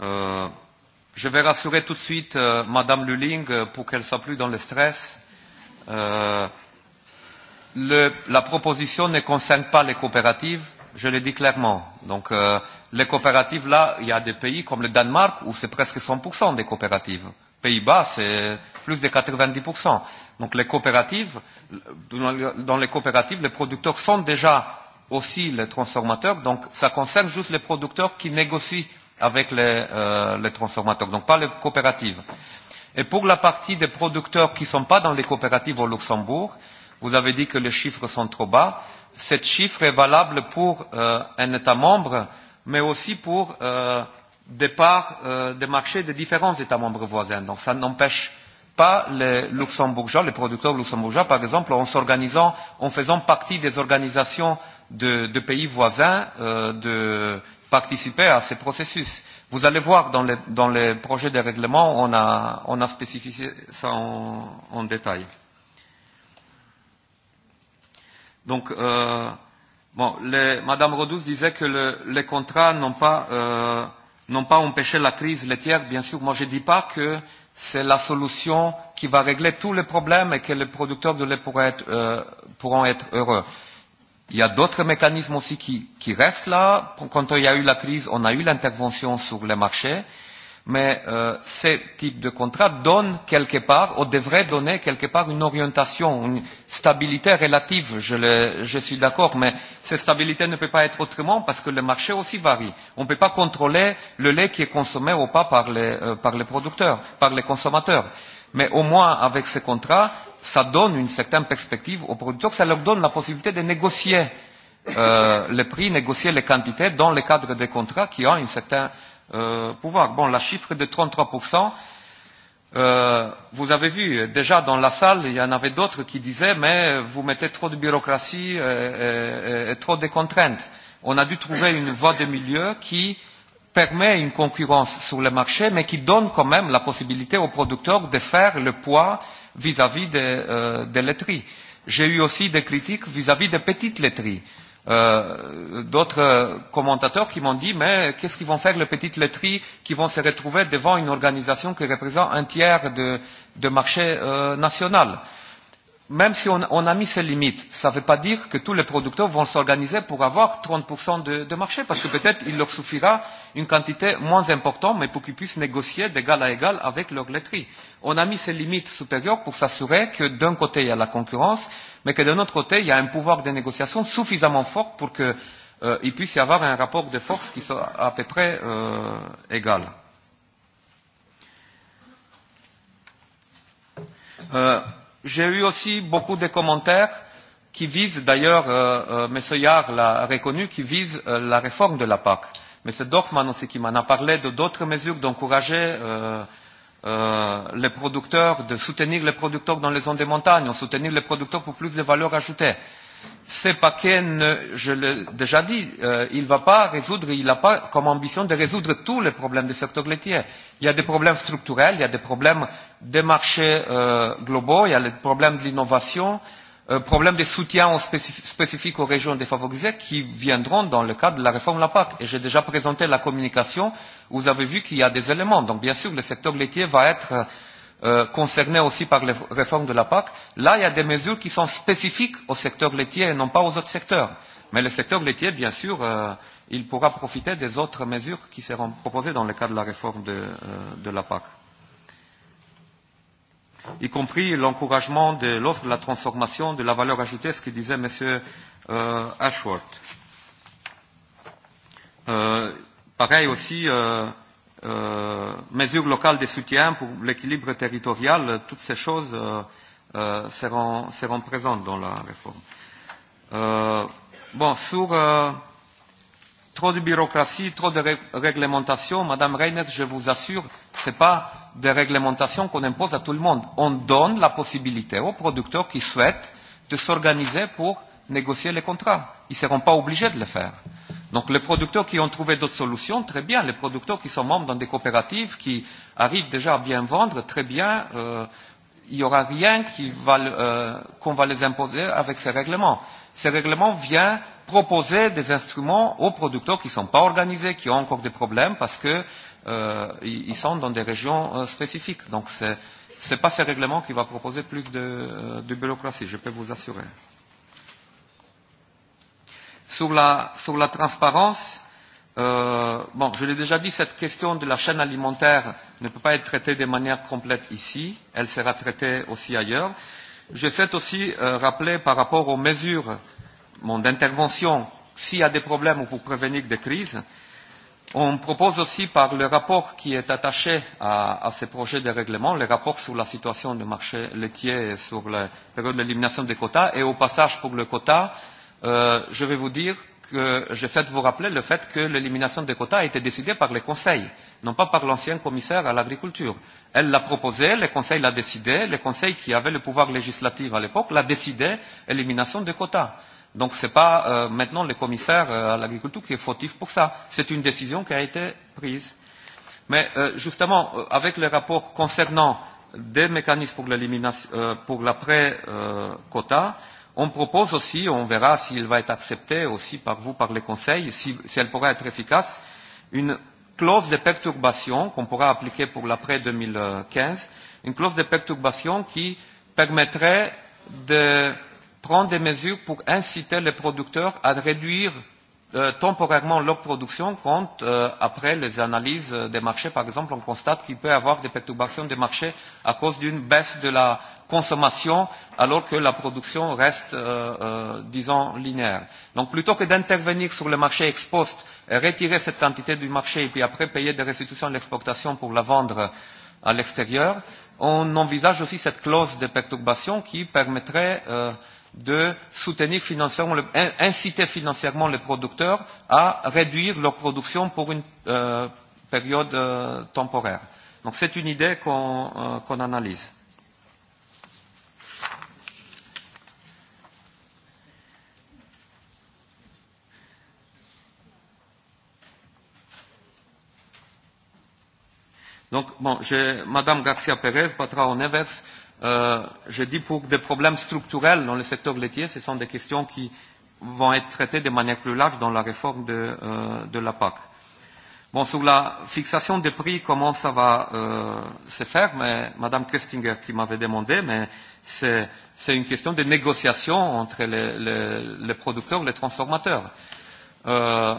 Euh, Je vais rassurer tout de suite euh, Madame Luling euh, pour qu'elle soit plus dans le stress. Euh, le, la proposition ne concerne pas les coopératives, je le dis clairement. Donc euh, les coopératives, là, il y a des pays comme le Danemark où c'est presque 100% des coopératives. Pays-Bas, c'est plus de 90%. Donc les coopératives, dans les coopératives, les producteurs sont déjà aussi les transformateurs, donc ça concerne juste les producteurs qui négocient avec les, euh, les transformateurs, donc pas les coopératives. Et pour la partie des producteurs qui ne sont pas dans les coopératives au Luxembourg, vous avez dit que les chiffres sont trop bas. Cet chiffre est valable pour euh, un État membre, mais aussi pour euh, des parts euh, des marchés des différents États membres voisins. Donc ça n'empêche pas les luxembourgeois, les producteurs luxembourgeois, par exemple, en s'organisant, en faisant partie des organisations de, de pays voisins, euh, de participer à ce processus. Vous allez voir dans les, dans les projets de règlement, on a, on a spécifié ça en, en détail. Donc, euh, bon, les, Madame Rodouce disait que le, les contrats n'ont pas, euh, pas empêché la crise laitière. Bien sûr, moi je ne dis pas que c'est la solution qui va régler tous les problèmes et que les producteurs de lait pourraient être, euh, pourront être heureux. Euh, Il y a d'autres mécanismes aussi qui, qui restent là. Quand il y a eu la crise, on a eu l'intervention sur les marchés, mais euh, ce type de contrat donne quelque part, ou devrait donner quelque part une orientation, une stabilité relative, je, le, je suis d'accord, mais cette stabilité ne peut pas être autrement parce que le marché aussi varie. On ne peut pas contrôler le lait qui est consommé ou pas par les, euh, par les producteurs, par les consommateurs. Euh, mais au moins avec ces contrats, ça donne une certaine perspective aux producteurs, ça leur donne la possibilité de négocier euh, les prix, négocier les quantités dans le cadre des contrats qui ont un certain euh, pouvoir. Bon, la chiffre de 33%, euh, vous avez vu, déjà dans la salle, il y en avait d'autres qui disaient, mais vous mettez trop de bureaucratie et, et, et, et trop de contraintes. On a dû trouver une voie de milieu qui euh, permet une concurrence sur le marché, mais qui donne quand même la possibilité aux producteurs de faire le poids vis-à-vis -vis de, euh, des laiteries. J'ai eu aussi des critiques vis-à-vis -vis des petites laiteries. Euh, D'autres commentateurs qui m'ont dit mais qu'est-ce qu'ils vont faire les petites laiteries qui vont se retrouver devant une organisation qui représente un tiers de, de marché euh, national euh, même si on, on a mis ces limites, ça ne veut pas dire que tous les producteurs vont s'organiser pour avoir 30% de, de marché, parce que peut-être il leur suffira une quantité moins importante, mais pour qu'ils puissent négocier d'égal à égal avec leur laiterie. On a mis ces limites supérieures pour s'assurer que d'un côté il y a la concurrence, mais que d'un autre côté il y a un pouvoir de négociation suffisamment fort pour qu'il euh, puisse y avoir un rapport de force qui soit à peu près euh, égal. Euh, J'ai eu aussi beaucoup de commentaires qui visent, d'ailleurs, euh, euh, M. Yard l'a reconnu, qui visent euh, la réforme de la PAC. M. Dorfman aussi qui m'en a parlé de d'autres mesures d'encourager euh, euh, les producteurs, de soutenir les producteurs dans les zones de montagne, de soutenir les producteurs pour plus de valeur ajoutée. Ce paquet, ne, je l'ai déjà dit, euh, il ne va pas résoudre, il n'a pas comme ambition de résoudre tous les problèmes du secteur laitier. Il y a des problèmes structurels, il y a des problèmes des marchés euh, globaux, il y a les problèmes de l'innovation, euh, problèmes de soutien spécif spécifiques aux régions défavorisées qui viendront dans le cadre de la réforme de la PAC. Et j'ai déjà présenté la communication, vous avez vu qu'il y a des éléments. Donc bien sûr, le secteur laitier va être euh, euh, concernés aussi par les réformes de la PAC, là, il y a des mesures qui sont spécifiques au secteur laitier et non pas aux autres secteurs. Mais le secteur laitier, bien sûr, euh, il pourra profiter des autres mesures qui seront proposées dans le cadre de la réforme de, euh, de la PAC. Y compris l'encouragement de l'offre, de la transformation, de la valeur ajoutée, ce que disait M. Euh, Ashworth. Euh, pareil aussi, euh, euh, mesures locales de soutien pour l'équilibre territorial, toutes ces choses euh, euh, seront, seront présentes dans la réforme. Euh, bon, sur euh, trop de bureaucratie, trop de ré réglementation, Madame Reiner, je vous assure, ce n'est pas des réglementations qu'on impose à tout le monde. On donne la possibilité aux producteurs qui souhaitent de s'organiser pour négocier les contrats. Ils ne seront pas obligés de le faire. Euh, Donc les producteurs qui ont trouvé d'autres solutions, très bien. Les producteurs qui sont membres dans des coopératives, qui arrivent déjà à bien vendre, très bien. Euh, il n'y aura rien euh, qu'on va, euh, qu va les imposer avec ces règlements. Ces règlements viennent proposer des instruments aux producteurs qui ne sont pas organisés, qui ont encore des problèmes parce que euh, ils sont dans des régions euh, spécifiques. Donc ce n'est pas ces règlements qui va proposer plus de, euh, de bureaucratie, je peux vous assurer. Euh, Sur la, sur la transparence, euh, bon, je l'ai déjà dit, cette question de la chaîne alimentaire ne peut pas être traitée de manière complète ici. Elle sera traitée aussi ailleurs. Je souhaite aussi euh, rappeler par rapport aux mesures bon, d'intervention s'il y a des problèmes ou pour prévenir des crises. On propose aussi par le rapport qui est attaché à, à ce projet de règlement, le rapport sur la situation du marché laitier et sur la période d'élimination des quotas et au passage pour le quota, euh, euh, je vais vous dire que je souhaite vous rappeler le fait que l'élimination des quotas a été décidée par le Conseil, non pas par l'ancien commissaire à l'agriculture. Elle l'a proposé, le Conseil l'a décidé, le Conseil qui avait le pouvoir législatif à l'époque l'a décidé, élimination des quotas. Donc ce n'est pas euh, maintenant le commissaire euh, à l'agriculture qui est fautif pour ça. C'est une décision qui a été prise. Mais euh, justement, euh, avec le rapport concernant des mécanismes pour, euh, pour l'après-quota, euh, On propose aussi, on verra s'il va être accepté aussi par vous, par le Conseil, si, si elle pourra être efficace, une clause de perturbation qu'on pourra appliquer pour l'après 2015, une clause de perturbation qui permettrait de prendre des mesures pour inciter les producteurs à réduire euh, temporairement leur production quand, euh, après les analyses des marchés, par exemple, on constate qu'il peut y avoir des perturbations des marchés à cause d'une baisse de la consommation alors que la production reste, euh, euh, disons, linéaire. Donc plutôt que d'intervenir sur le marché ex post, retirer cette quantité du marché et puis après payer des restitutions à l'exportation pour la vendre à l'extérieur, on envisage aussi cette clause de perturbation qui permettrait euh, de soutenir financièrement, le, inciter financièrement les producteurs à réduire leur production pour une euh, période euh, temporaire. Donc c'est une idée qu'on euh, qu analyse. Donc, bon, Madame Garcia Pérez battra en inverse. Euh, je dis pour des problèmes structurels dans le secteur laitier, ce sont des questions qui vont être traitées de manière plus large dans la réforme de, euh, de la PAC. Bon, sur la fixation des prix, comment ça va euh, se faire mais, Madame Christinger qui m'avait demandé, mais c'est une question de négociation entre les, les, les producteurs et les transformateurs. Euh,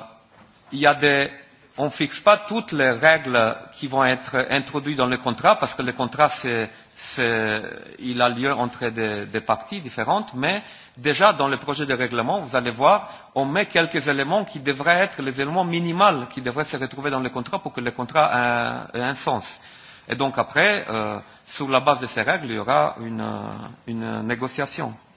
il y a des on ne fixe pas toutes les règles qui vont être introduites dans le contrat, parce que le contrat, c'est, c'est, il a lieu entre des, des parties différentes, mais déjà dans le projet de règlement, vous allez voir, on met quelques éléments qui devraient être les éléments minimaux qui devraient se retrouver dans le contrat pour que le contrat ait un, ait un sens. Et donc après, euh, sur la base de ces règles, il y aura une, une négociation. Euh,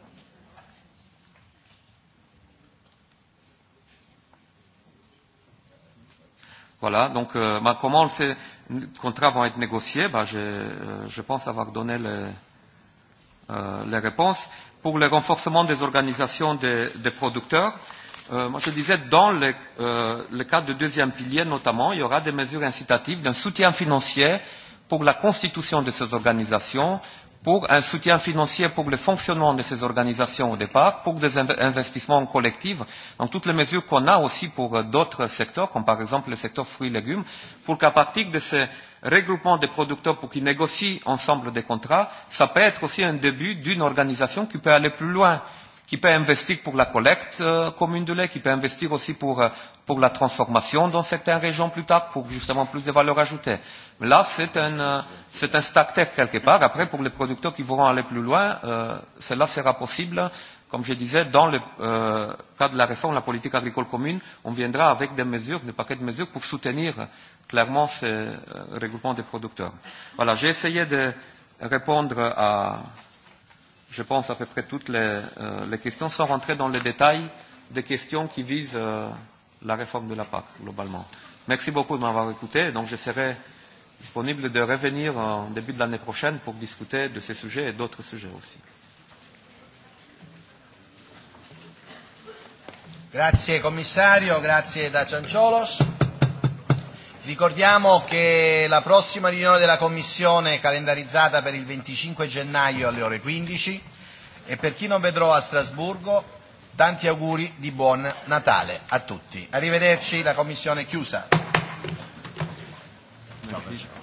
Voilà, donc euh, bah, comment ces contrats vont être négociés bah, je, euh, je pense avoir donné les, euh, les réponses. Pour le renforcement des organisations des, des producteurs, euh, moi je disais dans le, euh, le cadre du deuxième pilier notamment, il y aura des mesures incitatives d'un soutien financier pour la constitution de ces organisations pour un soutien financier pour le fonctionnement de ces organisations au départ, pour des investissements collectifs, dans toutes les mesures qu'on a aussi pour euh, d'autres secteurs, comme par exemple le secteur fruits et légumes, pour qu'à partir de ces regroupement des producteurs pour qu'ils négocient ensemble des contrats, ça peut être aussi un début d'une organisation qui peut aller plus loin, qui peut investir pour la collecte euh, commune de lait, qui peut investir aussi pour euh, pour la transformation dans certaines régions plus tard, pour justement plus de valeur ajoutée. Mais là, c'est un, euh, c'est un stack quelque part. Après, pour les producteurs qui voudront aller plus loin, euh, cela sera possible. Comme je disais, dans le euh, cadre de la réforme de la politique agricole commune, on viendra avec des mesures, des paquets de mesures pour soutenir clairement ce euh, regroupement des producteurs. Voilà, j'ai essayé de répondre à, je pense, à peu près toutes les, euh, les questions sans rentrer dans les détails des questions qui visent euh, la réforme de la PAC globalement. Merci beaucoup de m'avoir écouté. Donc je serai disponible de revenir en début de l'année prochaine pour discuter de ces sujets et d'autres sujets aussi. Grazie commissario, grazie da Cianciolos. Ricordiamo che la prossima riunione della Commissione è calendarizzata per il 25 gennaio alle ore 15 e per chi non vedrò a Strasburgo Tanti auguri di buon Natale a tutti. Arrivederci, la Commissione è chiusa. Merci.